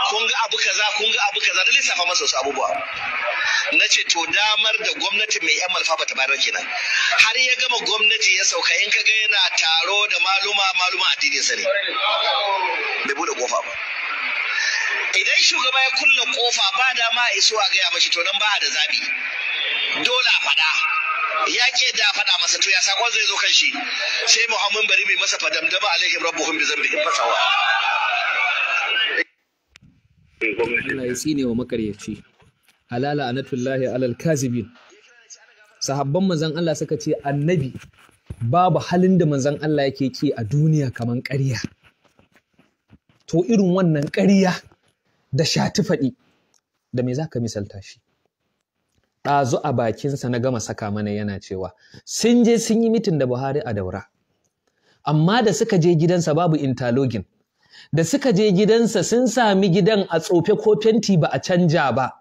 kun ga abu kaza kun ga abu kaza da lissafa masa su abubuwa na ce to damar da gwamnati mai yan malfa ta bayar kenan har ya gama gwamnati ya sauka in ka ga yana taro da maluma maluma addinin sa ne bai bude kofa ba idan shugaba ya kulle kofa ba dama ma iso a gaya mashi to nan ba da zabi dole a faɗa ya ke da faɗa masa to ya sakon zai zo kan shi sai muhammadin bari mai masa fadamdama alaihim rabbuhum bi zambihim fasawa Allah ya tsine wa makaryaci halala anatullahi alal kazibin sahabban manzon Allah suka ce annabi babu halin da manzon Allah yake ki a duniya kaman ƙarya to irin wannan ƙarya da shati faɗi da me za ka misalta shi ɗazu a bakinsa na gama saka mana yana cewa sun je sun yi mitin da buhari a daura amma da suka je gidansa babu intalogin da suka je gidansa sun sami gidan a tsofe ko fenti ba a canja ba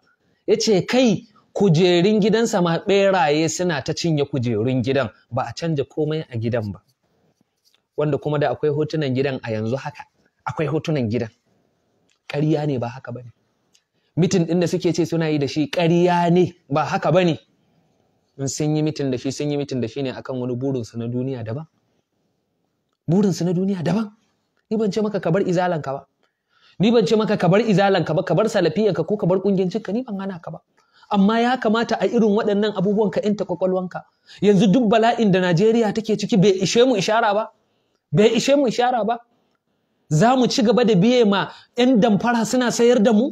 ya ce kai kujerun gidansa ma ɓeraye suna ta cinye kujerun gidan ba a canja komai a gidan ba wanda kuma da akwai hotunan gidan a yanzu haka akwai hotunan gidan ƙarya ne ba haka bane mitin ɗin da suke ce suna yi da shi ƙarya ne ba haka bane in sun yi mitin da shi sun yi mitin da shi ne akan wani su na duniya daban su na duniya daban ni ban ce maka ka bar izalanka ba ni ban ce maka ka bar ka ba ka bar salafiyanka ko ka bar ka ni ban hana ka ba amma ya kamata a irin waɗannan abubuwan ka ta kwakwalwanka yanzu duk bala'in da Najeriya take ciki bai ishe mu ishara ba bai ishe mu ishara ba za mu ci gaba da biye ma 'yan damfara suna sayar da mu?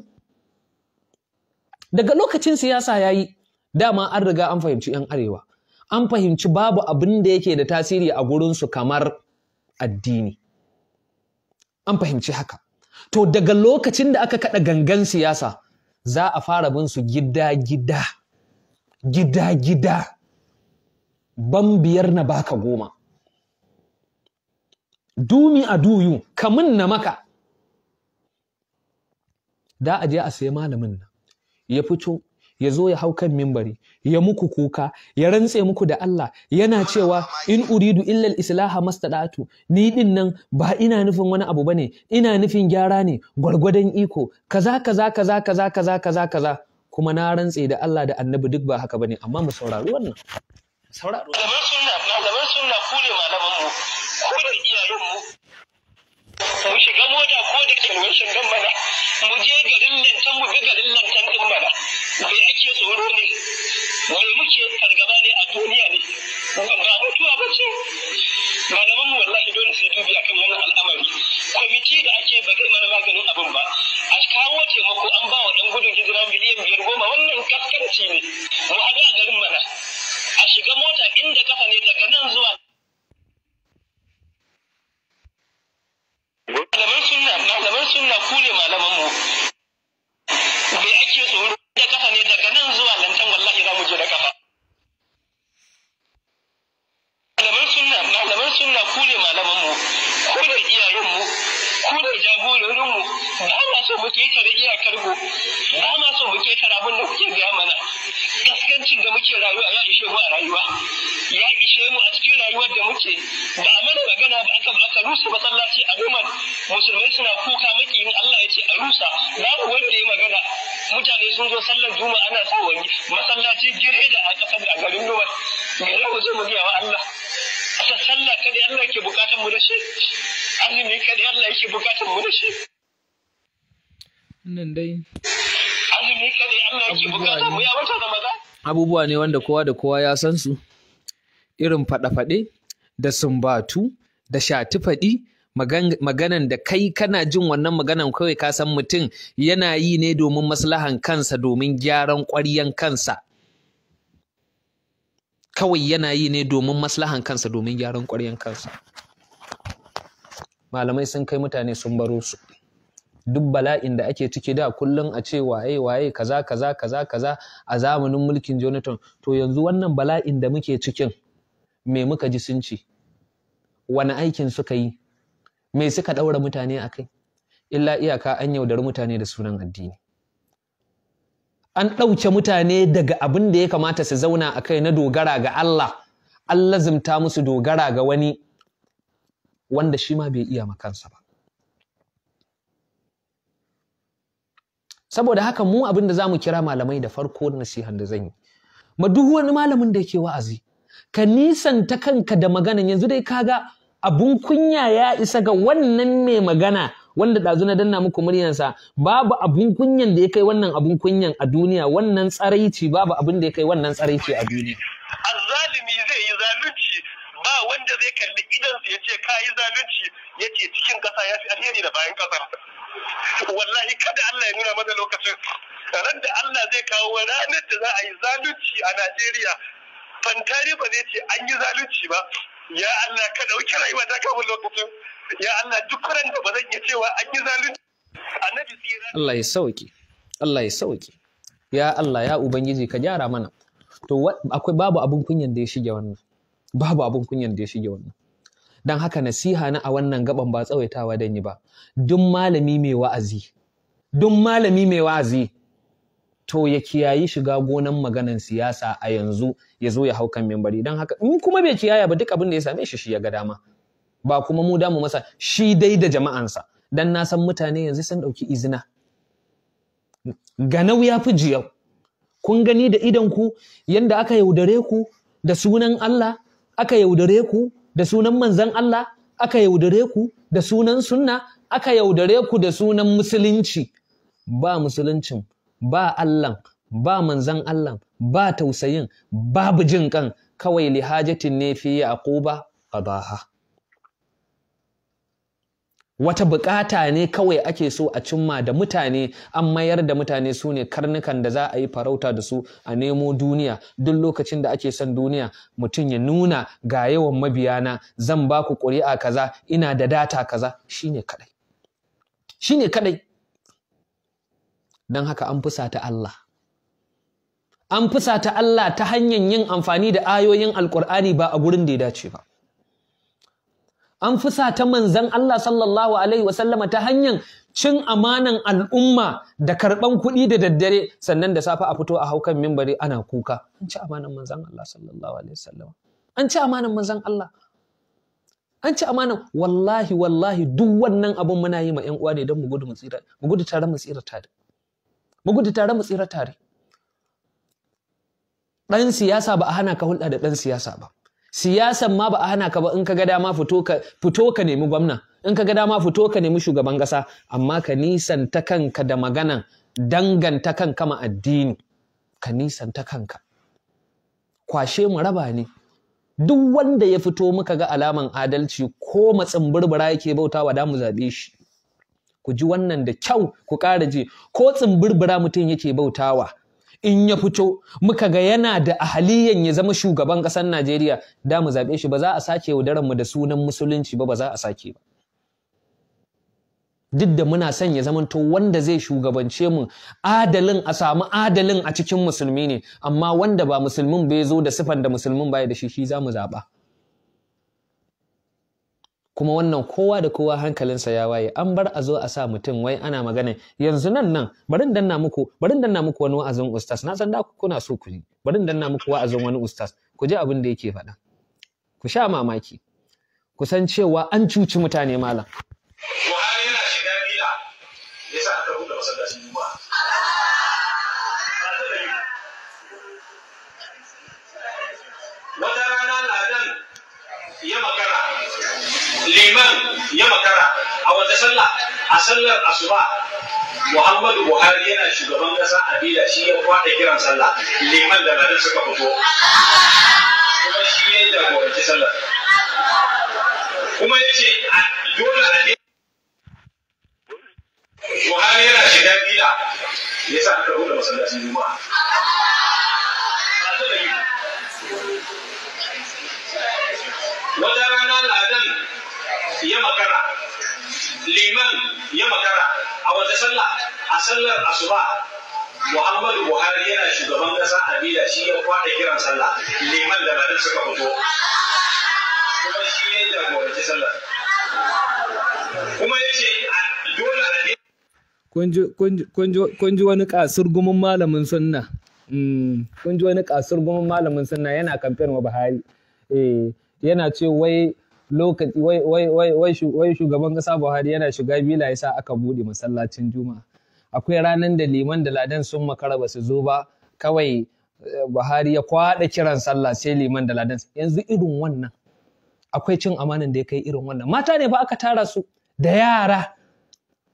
Daga lokacin siyasa ya yi, dama an riga an fahimci 'yan arewa, an fahimci babu abin da yake da tasiri a gurinsu kamar addini. An fahimci haka. To daga lokacin da aka kaɗa gangan siyasa, za a fara bin su gida-gida, gida-gida, ban biyar na baka goma. dumi a duyu ka na maka da a je a sayi malamin nan ya fito ya zo ya hau kan mimbari ya muku kuka ya rantse muku da Allah yana cewa in uridu illal islaha mastadatu ni din nan ba ina nufin wani abu bane ina nufin gyara ne gwargwadon iko kaza kaza kaza kaza kaza kaza kaza kuma na rantse da Allah da Annabi duk ba haka bane amma mu saurari wannan saurari mu shiga mota ko da kalwar shigan mana mu je garin nan can mu ga garin nan can din mana me ake tsoro ne me muke fargaba ne a duniya ne ba mutuwa ba ce malaman mu wallahi dole su dubi akan wannan al'amari kwamiti da ake ba mana maganin abin ba a kawo taimako an ba wa gudun hijira miliyan biyar goma wannan kaskanci ne mu haɗu a garin mana a shiga mota inda kafa ne daga nan zuwa malaman sunna malaman sunna ku ne malaman mu me ake tsoro da kafa ne daga nan zuwa nan can wallahi za mu je da kafa malaman sunna malaman sunna ku ne malaman mu ku ne iyayen mu ku ne jagororin mu ba ma so mu tare iyakar mu ba ma so mu tare abin da kuke gaya mana gaskancin da muke rayuwa ya ishe mu a rayuwa ya ishe tashe mu a cikin rayuwar da muke ba a mana magana ba aka ba aka rusa masallaci a Roman musulmai suna kuka maki in Allah ya ce a rusa babu wanda ya magana mutane sun zo sallar juma ana sa wani masallaci gire da a kasar a garin Roman me za mu zo mu gaya wa Allah a sallah kada Allah yake bukatar mu da shi azumi kada Allah yake bukatar mu da shi nan dai abubuwa ne wanda kowa da kowa ya san su irin faɗe-faɗe da sumbatu da shatifaɗi maganan da kai kana jin wannan maganan kawai ka san mutum yana yi ne domin maslahan kansa domin gyaran ƙwaryan kansa kawai yana yi ne domin maslahan kansa domin gyaran ƙwaryan kansa malamai sun kai mutane sun baro su duk bala'in da ake ciki da kullum a ce waye waye kaza kaza kaza kaza a zamanin mulkin Jonathan to yanzu wannan bala'in da muke cikin me muka ji sun ce wani aikin suka yi me suka ɗaura mutane a kai illa iyaka an yaudari mutane da sunan addini an ɗauke mutane daga abin da ya kamata su zauna a kai na dogara ga Allah an lazimta musu dogara ga wani wanda shi ma bai iya makansa ba saboda haka mu abin da za mu kira malamai da farko nasihan da zan yi ma duk wani malamin da yake wa'azi ka nisanta kanka da magana yanzu dai kaga abun kunya ya isa ga wannan mai magana wanda ɗazu na danna muku muryarsa babu abun kunyan da ya kai wannan abun kunyan a duniya wannan tsaraici babu abun da ya kai wannan tsaraici a duniya azzalimi zai yi zalunci ba wanda zai kalli idansa ya ce ka yi zalunci ya ce cikin ƙasa ya fi alheri da bayan ƙasar wallahi kada Allah ya nuna mana lokacin ran da Allah zai kawo ranar da za a yi zalunci a Najeriya fantari ba zai ce an yi zalunci ba ya Allah ka ɗauki rayuwa ta kafin lokacin ya Allah duk ran da ba zan iya cewa an yi zalunci annabi tsira Allah ya sauke Allah ya sauke ya Allah ya ubangiji ka gyara mana to akwai babu abun kunyan da ya shige wannan babu abun kunyan da ya shige wannan dan haka nasiha na a wannan gaban ba tsawaitawa dan yi ba duk malami mai wa'azi duk malami mai wa'azi to ya kiyayi shiga gonan maganan siyasa a yanzu ya zo ya hau kan mimbari don haka in kuma bai kiyaya ba duk abin da ya same shi shi ya ga dama ba kuma mu damu masa shi dai da jama'ansa dan na san mutane yanzu sun ɗauki izina ganau ya fi jiyau kun gani da idan ku yanda aka yaudare ku da sunan Allah aka yaudare ku da sunan manzan Allah aka yaudare ku da sunan sunna aka yaudare ku da sunan musulunci ba musuluncin ba Allah ba manzan Allah ba tausayin babu jin kan kawai lihajatin ne fi a qadaha wata bukata ne kawai ake so a cimma da mutane an mayar da mutane su ne karnukan da za a yi farauta da su a nemo duniya duk lokacin da ake son duniya mutum ya nuna ga yawan mabiyana zan ba ku kuri'a kaza ina da data kaza shine kadai shine kadai don haka an fusata Allah an fusata Allah ta hanyar yin amfani da ayoyin Alƙur'ani ba a gurin da ya dace ba an fusata manzan Allah sallallahu alaihi wasallama ta hanyar cin amanan al'umma da karɓan kuɗi da daddare sannan da safe a fito a haukan mimbari ana kuka an ci amanan manzan Allah sallallahu alaihi wasallama an ci amanan manzan Allah an ci amanan wallahi wallahi duk wannan abun muna yi ma 'yan uwa ne don mu gudu tare mu tsira tare mu gudu tare mu tsira tare ɗan siyasa ba a hana ka hulɗa da ɗan siyasa ba siyasan ma ba a hana ka ba in ka ga dama fito ka fito ka nemi gwamna in ka ga dama fito ka nemi shugaban ƙasa amma ka ta kanka da maganan danganta kanka ma addini ka ta kanka kwashe mu raba ne duk wanda ya fito muka ga alaman adalci ko matsin burbura yake bautawa da mu zaɓe shi ku ji wannan da kyau ku ƙara ji ko tsimbirbira mutum yake bautawa in ya fito muka ga yana da ahaliyan ya zama shugaban ƙasar Najeriya da mu zaɓe shi ba za a sake yaudaran mu da sunan musulunci ba ba za a sake ba duk da muna son ya zamanto wanda zai shugabance mu adalin a samu adalin a cikin musulmi ne amma wanda ba musulmin bai zo da sifan da musulmin baya da shi shi za mu zaɓa kuma wannan kowa da kowa hankalinsa ya waye an bar a zo a sa mutum wai ana magana yanzu nan nan barin danna muku in danna muku wani wa'azin ustaz na san da ku kuna so ku ji barin danna muku wa'azin wani ustaz ku ji abin da yake faɗa ku sha mamaki ku san cewa an cuci mutane malam har yana shiga bila yasa aka buɗe masallaci liman ya makara a wata sallah a sallar asuba Muhammadu Buhari yana shugaban kasa a bila shi ya kwada kiran sallah liman da nan suka fito kuma shi ya jagoranci sallar kuma ya ce dole a ne Buhari yana shiga bila ya sa aka rubuta masallacin juma'a wata rana ladan ya makara liman ya makara a wata sallah a sallar asuba Muhammadu Buhari yana shugaban kasa a bida shi ya kwada kiran sallah liman da Madrid suka fito kuma shi ya jagoranci sallar kuma ya ce dole a kun ji wani ƙasar gumin malamin sunna hmm, kun ji wani kasar gumin malamin sunna yana kamfen wa Buhari eh, yana ce wai lokaci wai wai wai wai shugaban kasa Buhari yana shiga bila yasa aka bude masallacin Juma'a akwai ranar da liman da ladan sun makara ba su zo ba kawai eh, Buhari ya kwada kiran sallah sai liman da ladan yanzu irin wannan akwai cin amanan da ya kai irin wannan mata ne ba aka tara su da yara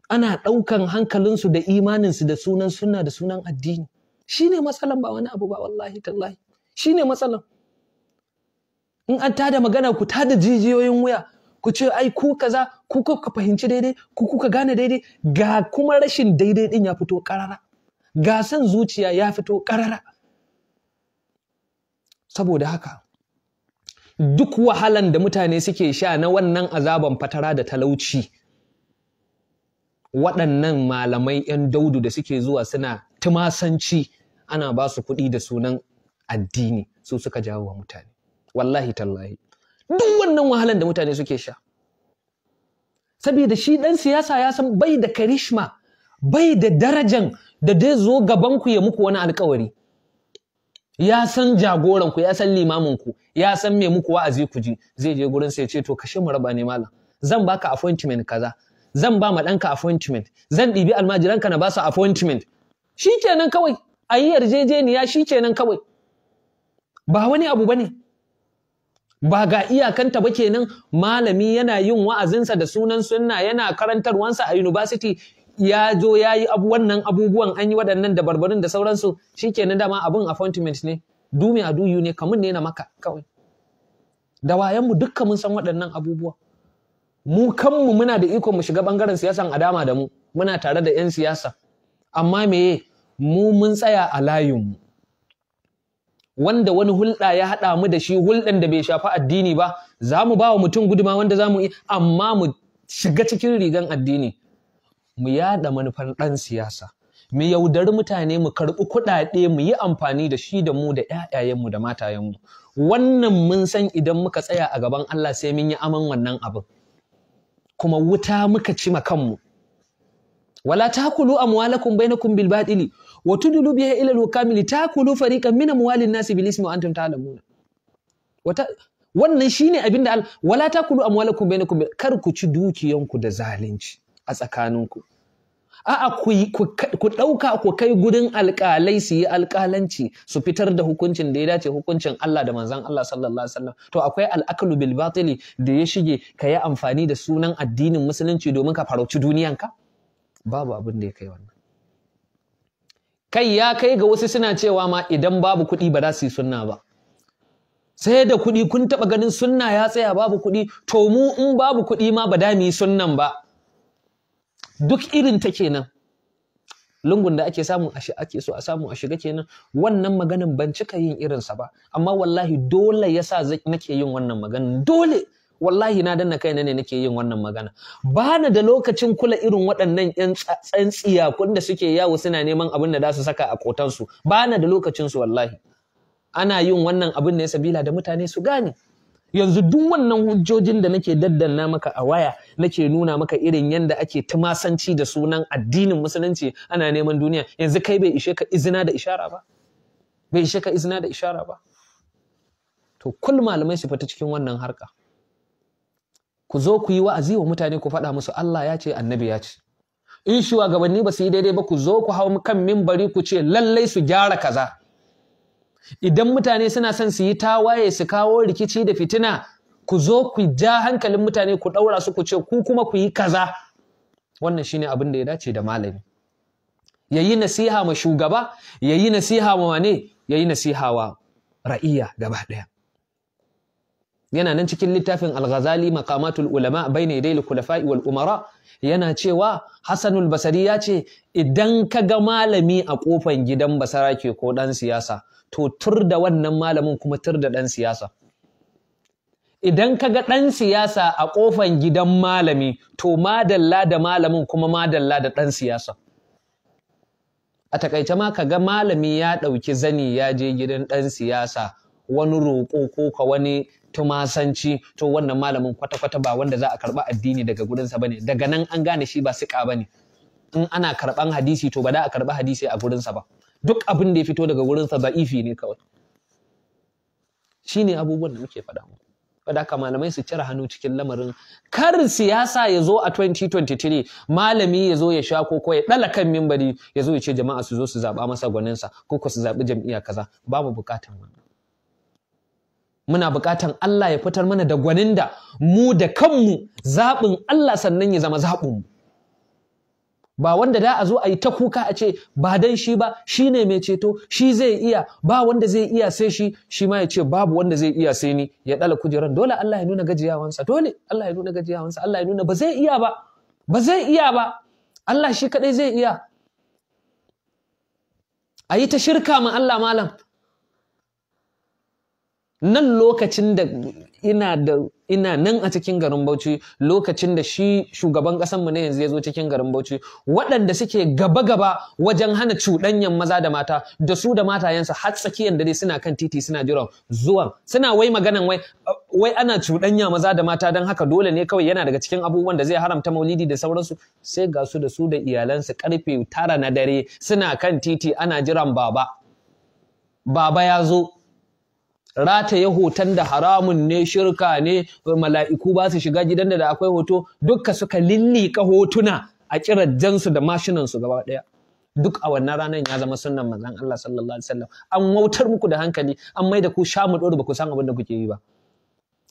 ana ɗaukan hankalinsu da imaninsu da sunan sunna da sunan addini shine matsalan ba wani abu ba wallahi tallahi shine matsalan in an tada magana ku tada jijiyoyin wuya ku ce ai ku kaza ku ka fahimci daidai ku kuka gane daidai ga kuma rashin daidai din ya fito karara ga san zuciya ya fito karara saboda haka duk wahalan da mutane suke sha na wannan azaban fatara da talauci waɗannan malamai 'yan daudu da suke zuwa suna tumasanci ana ba su kuɗi da sunan addini su suka jawo wa mutane wallahi tallahi duk wannan wahalan da mutane suke sha saboda shi dan siyasa ya san bai da karishma bai da darajan da dai zo gaban ku ya muku wani alkawari ya san jagoran ku ya san limamin ku ya san me muku wa'azi ku ji zai je gurin sai ya ce to kashe mu raba ne malam zan baka appointment kaza zan ba ma ɗanka appointment zan ɗibi almajiranka na ba su appointment Shikenan kawai a yi yarjejeniya shi kawai ba wani abu bane. ba ga iyakanta ba kenan malami yana yin wa'azinsa da sunan sunna yana karantarwansa a university ya zo ya yi wannan abubuwan an yi waɗannan da barbarin da sauransu na dama abin appointment ne Dumi a duyu ne kamun ne na maka kawai da wayanmu dukka mun san waɗannan abubuwa mu kanmu muna da iko mu shiga ɓangaren siyasan a dama da mu muna tare da 'yan siyasa amma meye mu mun tsaya a layinmu wanda wani hulɗa ya haɗa mu da shi hulɗan da bai shafi addini ba za mu ba wa mutum guduma wanda za mu yi amma mu shiga cikin rigan addini mu yaɗa manufan ɗan siyasa mu yaudari mutane mu karɓi kuɗaɗe mu yi amfani da shi da mu da ‘ya'yayenmu da matayenmu wannan mun san idan muka tsaya a gaban Allah sai mun yi aman wannan abin kuma wuta muka ci kanmu wala takulu amwalakum bainakum bil batili wa بها biha ila al فريقا من fariqan الناس بالاسم nasi تعلمون ismi wannan shine abin da wala ta kulu amwalakum bainakum kar ku ci dukiyanku da zalunci a tsakaninku a'a ku ɗauka ku kai gurin alƙalai su yi alƙalanci su fitar da hukuncin da ya dace hukuncin Allah da manzon Allah sallallahu alaihi wasallam to akwai al'akalu bil batili da ya shige ka yi amfani da sunan addinin musulunci domin ka farauci duniyanka babu abin da ya kai wannan kai ya kai ga wasu suna cewa ma idan babu kuɗi ba za su yi sunna ba sai da kuɗi kun taɓa ganin sunna ya tsaya babu kuɗi to mu in babu kuɗi ma ba da mu yi sunnan ba duk irin ta kenan lungun da ake samu a ake so a samu a shiga kenan wannan maganin ban cika yin irinsa ba amma wallahi dole yasa nake yin wannan maganin, dole wallahi na danna kaina ne nake yin wannan magana ba na da lokacin kula irin waɗannan ƴan tsantsiya da suke yawo suna neman abin da za su saka a kotansu ba na da lokacin su wallahi ana yin wannan abin ne sabila da mutane su gane yanzu duk wannan hujjojin da nake daddanna maka a waya nake nuna maka irin yanda ake tumasanci da sunan addinin musulunci ana neman duniya yanzu kai bai ishe ka izina da ishara ba bai ishe ka izina da ishara ba to kul malamai su fita cikin wannan harka ku zo ku yi wa'azi wa mutane ku faɗa musu Allah ya ce annabi ya ce in shugabanni ba su yi daidai ba ku zo ku hau kan mimbari ku ce lallai su gyara kaza idan mutane suna son su yi tawaye su kawo rikici da fitina ku zo ku ja hankalin mutane ku ɗaura su ku ce ku kuma ku yi kaza wannan shine abin da ya dace da malami ya yi nasiha ma shugaba ya yi nasiha ma wane ya yi nasiha wa ra'iya gaba ɗaya yana nan cikin littafin al-ghazali maqamatul ulama bayna yadayil kulafai wal umara yana cewa hassanul basari ya ce idan ka ga malami a kofan gidan basarake ko dan siyasa to tur da wannan malamin kuma tur da dan siyasa idan ka ga dan siyasa a kofan gidan malami to madalla da malamin kuma madalla da dan siyasa a takaice ma ka ga malami ya ɗauki zani ya je gidan ɗan siyasa wani roƙo ko ka wani tumasanci to wannan malamin kwata-kwata ba wanda za a karba addini daga gurinsa bane daga nan an gane shi ba siƙa bane in ana karban hadisi to ba da a karba hadisi a gurinsa ba duk abin da ya fito daga gurinsa za'ifi ne kawai shine abubuwan da muke faɗa mu ka malamai su cire hannu cikin lamarin kar siyasa ya zo a 2023 malami ya zo ya sha koko, ya ɗala kan mimbari ya zo ya ce jama'a su zo su zaɓa masa gwaninsa ko ku su zaɓi jam'iyya kaza babu bukatan wannan muna buƙatan Allah ya fitar mana da gwanin da mu da kanmu zaɓin Allah sannan ya zama zaɓinmu ba wanda da a zo a yi ta kuka a ce ba dan shi ba shi ne mai ceto shi zai iya ba wanda zai iya sai shi shi ma ya ce babu wanda zai iya sai ni ya ɗala kujeran dole Allah ya nuna gajiyawansa dole Allah ya nuna gajiyawansa Allah ya nuna ba zai iya ba ba zai iya ba Allah shi kaɗai zai iya a yi ta shirka ma Allah malam nan lokacin da ina da ina nan a cikin garin Bauchi lokacin da shi shugaban ƙasar mu ne yanzu ya zo cikin garin Bauchi waɗanda suke gaba gaba wajen hana cuɗanyan maza da mata da su da matayensa har tsakiyar dare suna kan titi suna jiran zuwan suna wai maganan wai wai ana cuɗanya maza da mata don haka dole ne kawai yana daga cikin abubuwan da zai haramta maulidi da sauransu sai ga su da su da iyalansu karfe tara na dare suna kan titi ana jiran baba baba ya zo rataye hoton da haramun ne shirka ne mala'iku ba su shiga gidan da akwai hoto dukka suka ka hotuna a kirajjansu da mashinansu gaba ɗaya duk a wannan ranar ya zama sunan manzon Allah sallallahu alaihi wasallam an wautar muku da hankali an mai da ku sha mu ba ku san abin da kuke yi ba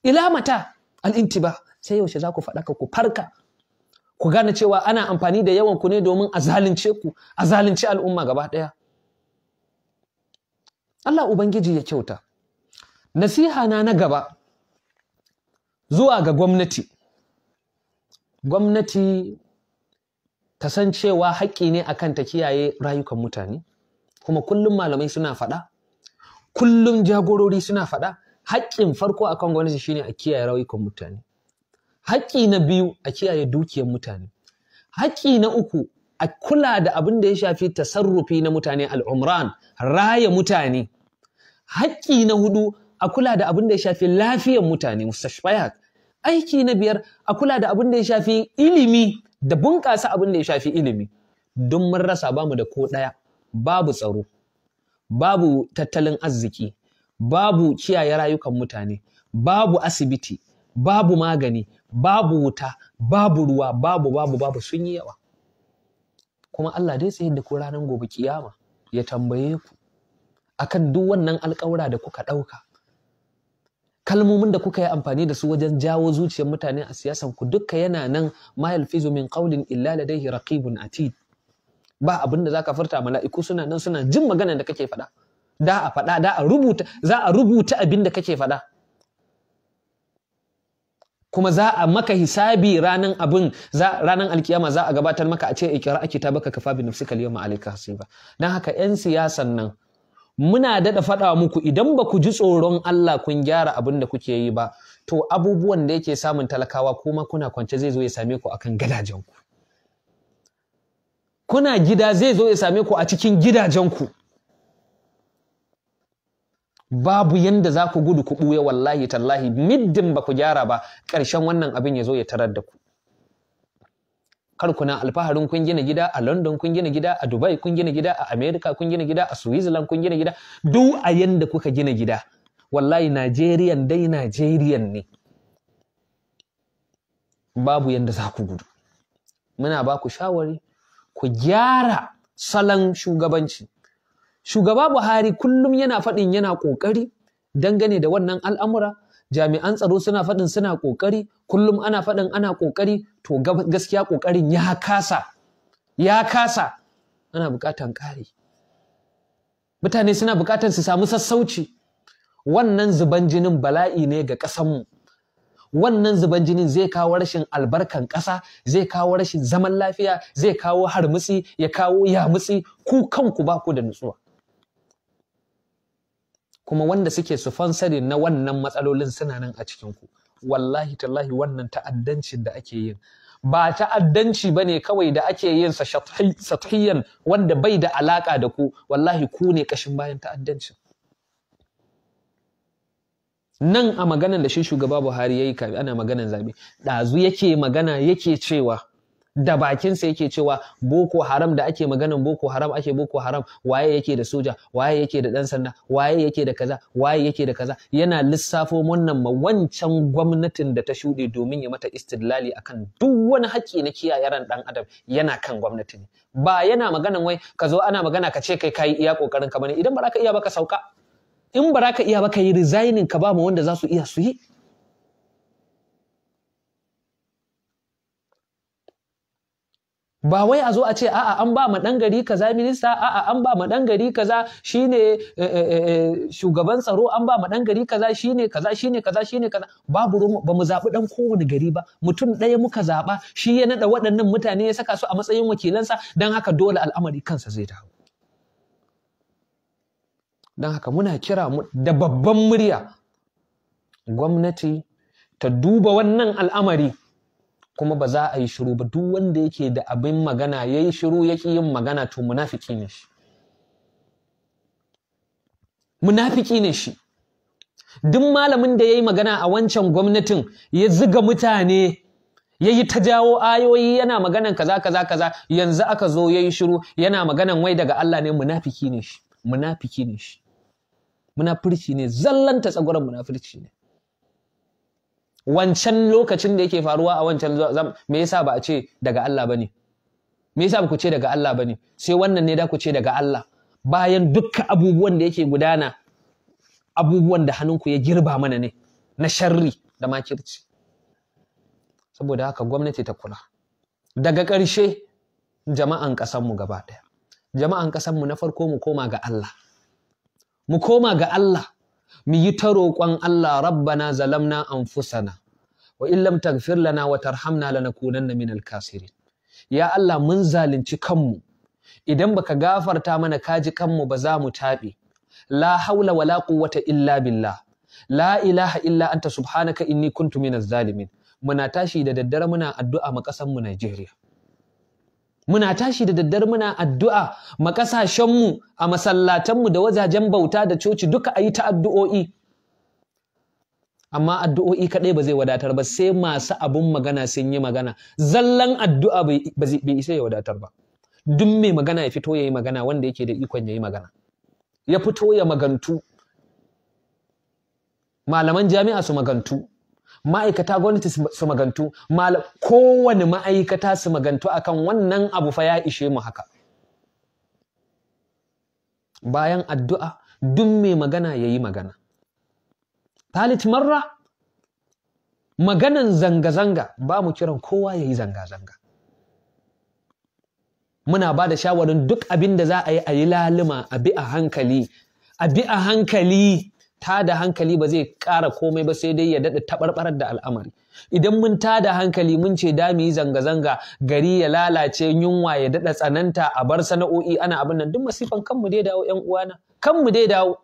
ila mata al-intiba sai yaushe za ku faɗaka ku farka ku gane cewa ana amfani da yawan ku ne domin a zalunce ku a zalunce al'umma gaba ɗaya Allah ubangiji ya kyauta nasiha na na gaba zuwa ga gwamnati gwamnati ta san cewa haƙƙi ne akan ta kiyaye rayukan mutane kuma kullum malamai suna faɗa kullum jagorori suna faɗa haƙƙin farko akan gwamnati shine a kiyaye rayukan mutane haƙƙi na biyu a kiyaye dukiyar mutane haƙƙi na uku a kula da abin da ya shafi tasarrufi na mutane al'umran raya mutane haƙƙi na hudu a kula da abin da ya shafi lafiyar mutane mustashfayat aiki na biyar a kula da abin da ya shafi ilimi da bunƙasa abin da ya shafi ilimi don mun rasa bamu da ko ɗaya babu tsaro babu tattalin arziki babu kiyaye rayukan mutane babu asibiti babu magani babu wuta babu ruwa babu babu babu sun yi yawa kuma Allah dai tsaye da ku ranar gobe kiyama ya tambaye ku akan duk wannan alƙawura da kuka ɗauka kalmomin da kuka yi amfani da su wajen jawo zuciyar mutane a siyasan ku dukka yana nan ma yalfizu min qawlin illa ladayhi raqibun atid ba abin da zaka furta mala'iku suna nan suna jin magana da kake faɗa da a faɗa da a rubuta za a rubuta abin da kake faɗa kuma za a maka hisabi ranan abin za ranan alkiyama za a gabatar maka a ce ikra kitabaka kafa bi nafsika al-yawma alayka hasiba dan haka yan siyasan nan muna daɗa faɗa muku idan ba ku ji tsoron Allah kun gyara abin da kuke yi ba to abubuwan da yake samun talakawa kuma kuna kwance zai zo ya same ku akan gidajenku kuna gida zai zo ya same ku a cikin gidajenku babu yanda za ku gudu ku ɓuya wallahi tallahi middin ba ku gyara ba ƙarshen wannan abin ya zo ya tarar da ku kar alfaharin kun gina gida a London kun gina gida a Dubai kun gina gida a America kun gina gida a Switzerland kun gina gida duk a yanda kuka gina gida wallahi Najeriyan dai Najeriyan ne babu yanda za ku gudu muna ba ku shawari ku gyara salon shugabanci shugaba Buhari kullum yana faɗin yana ƙoƙari dangane da wannan al'amura jami'an tsaro suna faɗin suna ƙoƙari kullum ana faɗin ana ƙoƙari to gaskiya ƙoƙarin ya kasa ya kasa ana buƙatan ƙari mutane suna buƙatan su samu sassauci wannan zuban jinin bala'i ne ga ƙasanmu wannan zuban jinin zai kawo rashin albarkan ƙasa zai kawo rashin zaman lafiya zai kawo harmutsi ya kawo yamutsi ku kanku ba ku da nutsuwa kuma wanda suke su fansari na wannan matsalolin suna nan a cikinku ku wallahi tallahi wannan ta'addancin da ake yin ba ta'addanci ba ne kawai da ake yin sa sathiyan wanda bai da alaƙa da ku wallahi ku ne kashin bayan ta'addancin nan a maganan da shi shugaba Buhari yayi ana maganan zabe dazu yake magana yake cewa da bakinsa yake cewa boko haram da ake maganan boko haram ake boko haram waye yake da soja waye yake da dan sanda waye yake da kaza waye yake da kaza yana lissafo wannan ma wancan gwamnatin da ta shuɗe domin ya mata istidlali akan duk wani haƙƙi na kiyaye ran dan adam yana kan gwamnati ne ba yana maganan wai ka zo ana magana ka ce kai kai iya kokarin ka bane idan ba za ka iya ba ka sauka in ba za ka iya ba ka yi resigning ka ba mu wanda za su iya su yi ba wai a zo a ce a'a an ba ma ɗan gari kaza minista a'a an ba ma ɗan gari kaza shine eh, eh, eh, shugaban tsaro an ba ma ɗan gari kaza shine kaza shine kaza shine kaza babu ba mu zaɓi ɗan kowane gari ba mutum ɗaya muka zaɓa shi ya naɗa waɗannan mutane ya saka su a matsayin wakilansa don haka dole al'amari kansa zai dawo Don haka muna kira da babban murya gwamnati ta duba wannan al'amari kuma ba za a yi shiru ba duk wanda yake da abin magana ya yi shiru ya ƙi yin magana to munafiki ne shi munafiki ne shi duk malamin da ya yi magana a wancan gwamnatin ya ziga mutane ya yi ta jawo ayoyi yana maganan kaza kaza kaza yanzu aka zo ya yi shiru yana maganan wai daga Allah ne munafiki ne shi munafiki ne shi munafirci ne zallanta tsagoran munafirci ne wancan lokacin da yake faruwa a wancan me yasa ba a ce daga Allah bane me yasa ku ce daga Allah bane sai wannan ne da ku ce daga Allah bayan dukka abubuwan da yake gudana abubuwan da hannunku ya girba mana ne na sharri da makirci saboda haka gwamnati ta kula daga ƙarshe jama'an ƙasanmu gaba ɗaya jama'an ƙasanmu na farko mu koma ga Allah mu koma ga Allah mu yi ta roƙon Allah rabbana zalamna anfusana wa illam tagfir lana wa tarhamna na minal kasirin ya Allah mun zalunci kanmu idan baka gafarta mana kaji kanmu ba za mu taɓe la haula wala quwwata illa billah la ilaha illa anta subhanaka inni kuntu minaz zalimin muna tashi da daddare muna addu'a ma ƙasar mu Najeriya muna tashi da daddare muna addu'a ma ƙasashenmu a masallatanmu da wajajen bauta da coci duka a yi ta addu'o'i amma addu'o'i kaɗai ba zai wadatar ba sai masu abun magana sun yi magana zallan addu'a bai isa ya wadatar ba duk mai magana ya fito ya yi magana wanda yake da ikon ya yi magana ya fito ya magantu malaman jami'a su magantu ma'aikata gwamnati su magantu kowane ma'aikata su magantu akan wannan abu fa ya ishe mu haka bayan addu'a duk mai magana ya yi magana talit marra maganan zanga-zanga ba mu kiran kowa ya yi zanga-zanga muna ba da shawarin duk abin da za a yi a yi laluma a bi a hankali a bi a hankali tada hankali ba zai ƙara komai ba sai dai ya daɗa taɓarɓarar da al'amari idan mun tada hankali mun ce da mu yi zanga-zanga gari ya lalace yunwa ya daɗa tsananta a bar sana'o'i ana abin nan duk masifan kanmu dai dawo ƴan uwana kanmu dai dawo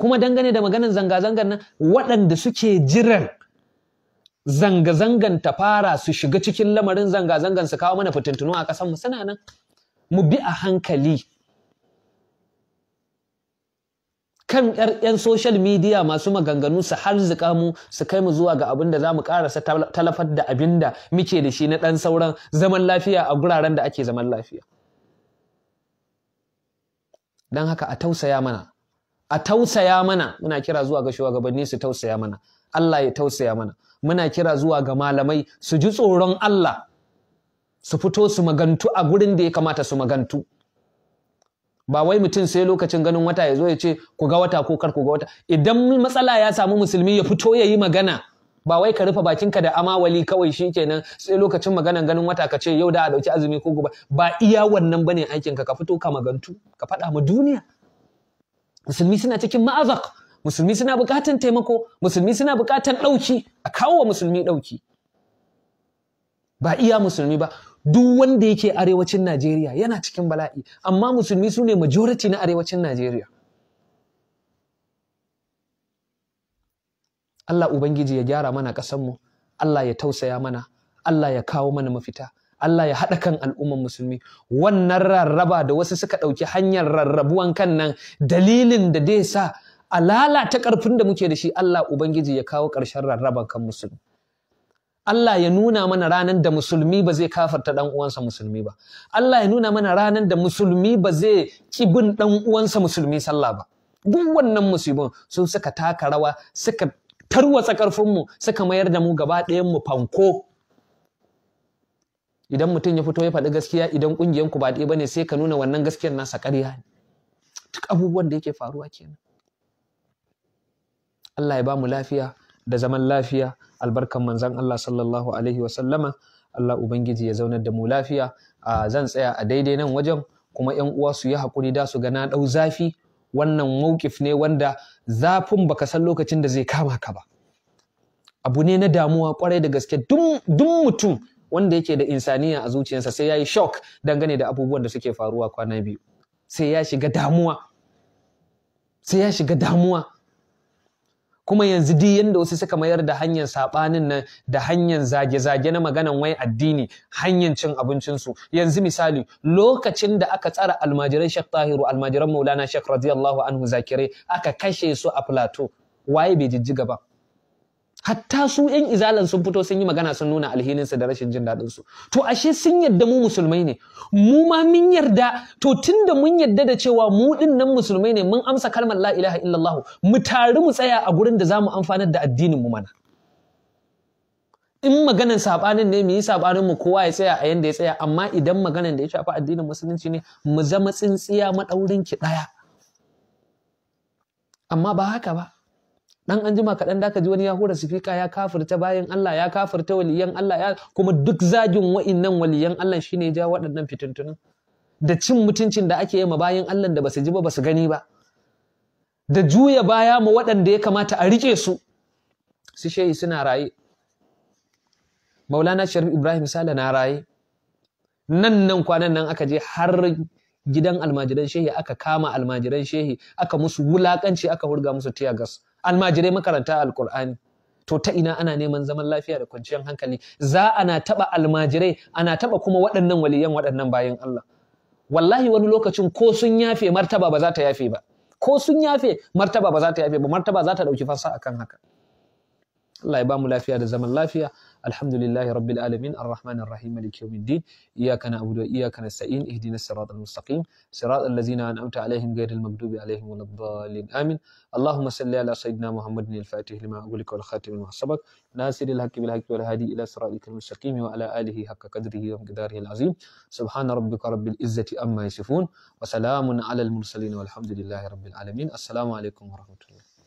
kuma dangane da maganar zanga-zangar nan waɗanda suke jiran zanga-zangan ta fara su shiga cikin lamarin zanga zangar su kawo mana fitintunu a ƙasar mu suna nan mu bi a hankali kan ƴan social media masu maganganu su harzika mu su kai mu zuwa ga abin da za mu ƙarasa talafar da abin da muke da shi na ɗan sauran zaman lafiya a guraren da ake zaman lafiya don haka a tausaya mana a tausaya mana muna kira zuwa ga shugabanni su tausaya mana Allah ya tausaya mana muna kira zuwa ga malamai su ji tsoron Allah su fito su magantu a gurin da ya kamata su magantu ba wai mutum sai lokacin ganin wata ya zo ya ce ku ga wata ko kar ku ga wata idan matsala ya samu musulmi ya fito ya yi magana ba wai ka rufe bakinka da amawali kawai shikenan sai lokacin maganan ganin wata ka ce yau da a dauki azumi ko gobe ba iya wannan bane aikin ka ka fito ka magantu ka faɗa ma duniya musulmi suna cikin ma'azak musulmi suna buƙatan taimako musulmi suna buƙatan ɗauki a kawo wa musulmi ɗauki ba iya musulmi ba duk wanda yake arewacin Najeriya yana cikin bala'i amma musulmi su ne majority na arewacin Najeriya Allah Ubangiji ya gyara mana ƙasanmu Allah ya tausaya mana Allah ya kawo mana mafita Allah ya haɗa kan al'umman musulmi wannan rarraba da wasu suka ɗauki hanyar rarrabuwan kan nan dalilin da dai sa a lalata ƙarfin da muke da shi Allah Ubangiji ya kawo ƙarshen rarraban kan musulmi Allah ya nuna mana ranar da musulmi ba zai kafarta dan uwansa musulmi ba Allah ya nuna mana ranar da musulmi ba zai ki bin dan uwansa musulmi sallah ba duk wannan musibin sun suka taka rawa suka tarwatsa karfinmu suka mayar da mu gaba ɗayan mu fanko idan mutum ya fito ya faɗi gaskiya idan ku ba ɗaya ba sai ka nuna wannan gaskiyar nasa ƙarya ne duk abubuwan da yake faruwa kenan Allah ya ba mu lafiya da zaman lafiya albarkan manzan Allah sallallahu alaihi wa Allah ubangiji ya zaunar da mu lafiya zan tsaya a daidai nan wajen kuma yan uwa su yi haƙuri da su ga na zafi wannan mawukif ne wanda zafin baka san lokacin da zai kama ka ba abu ne na damuwa kwarai da gaske duk mutum wanda yake da insaniya a zuciyarsa sai ya yi shock dangane da abubuwan da suke faruwa kwana biyu sai ya shiga damuwa sai ya shiga damuwa kuma yanzu duk yanda wasu suka mayar da hanyar saɓanin nan da hanyar zage-zage na maganan wai addini hanyar cin abincinsu yanzu misali lokacin da aka tsara almajiran shek Tahiru almajiran Maulana shek radiyallahu anhu zakirai aka kashe su a plateau waye bai jijjiga ba hatta su yan izalan sun fito sun yi magana sun nuna alhininsu da rashin jin daɗin su to ashe sun yarda mu musulmai ne mu ma mun yarda to tunda mun yarda da cewa mu din nan musulmai ne mun amsa kalmar la ilaha illallah mu tari mu tsaya a gurin da za mu amfanar da addinin mu mana in maganan sabanin ne mu yi sabanin mu kowa ya tsaya a yanda ya tsaya amma idan maganan da ya shafi addinin musulunci ne mu zama tsintsiya maɗaurin ki daya amma ba haka ba dan an jima kaɗan da ka ji wani ya hura sifika ya kafirta bayan Allah ya kafirta waliyan Allah ya kuma duk zagin wa'innan waliyan Allah shine ya ja waɗannan fitintunan da cin mutuncin da ake yi ma bayan Allah da basu ji ba basu gani ba da juya baya ma waɗanda ya kamata a rike su su shehi suna raye Maulana Sharif Ibrahim Sale na raye nan nan kwanan nan aka je har gidan almajiran shehi aka kama almajiran shehi aka musu wulakanci aka hurga musu tiyagas almajirai makaranta alkur'ani to ta ina ana neman zaman lafiya da kwanciyar hankali za a na taba almajirai ana taba kuma waɗannan waliyan waɗannan bayan Allah wallahi wani lokacin ko sun yafe martaba ba za ta yafe ba ko sun yafe martaba ba za ta yafe ba martaba za ta ɗauki fasa akan haka Allah ya ba mu lafiya da zaman lafiya الحمد لله رب العالمين الرحمن الرحيم مالك يوم الدين إياك نعبد وإياك نستعين اهدنا الصراط المستقيم صراط الذين أنعمت عليهم غير المغضوب عليهم ولا الضالين آمين اللهم صل على سيدنا محمد الفاتح لما أغلق والخاتم لما سبق ناصر الحق بالحق والهادي إلى صراطك المستقيم وعلى آله حق قدره ومقداره العظيم سبحان ربك رب العزة أما يصفون وسلام على المرسلين والحمد لله رب العالمين السلام عليكم ورحمة الله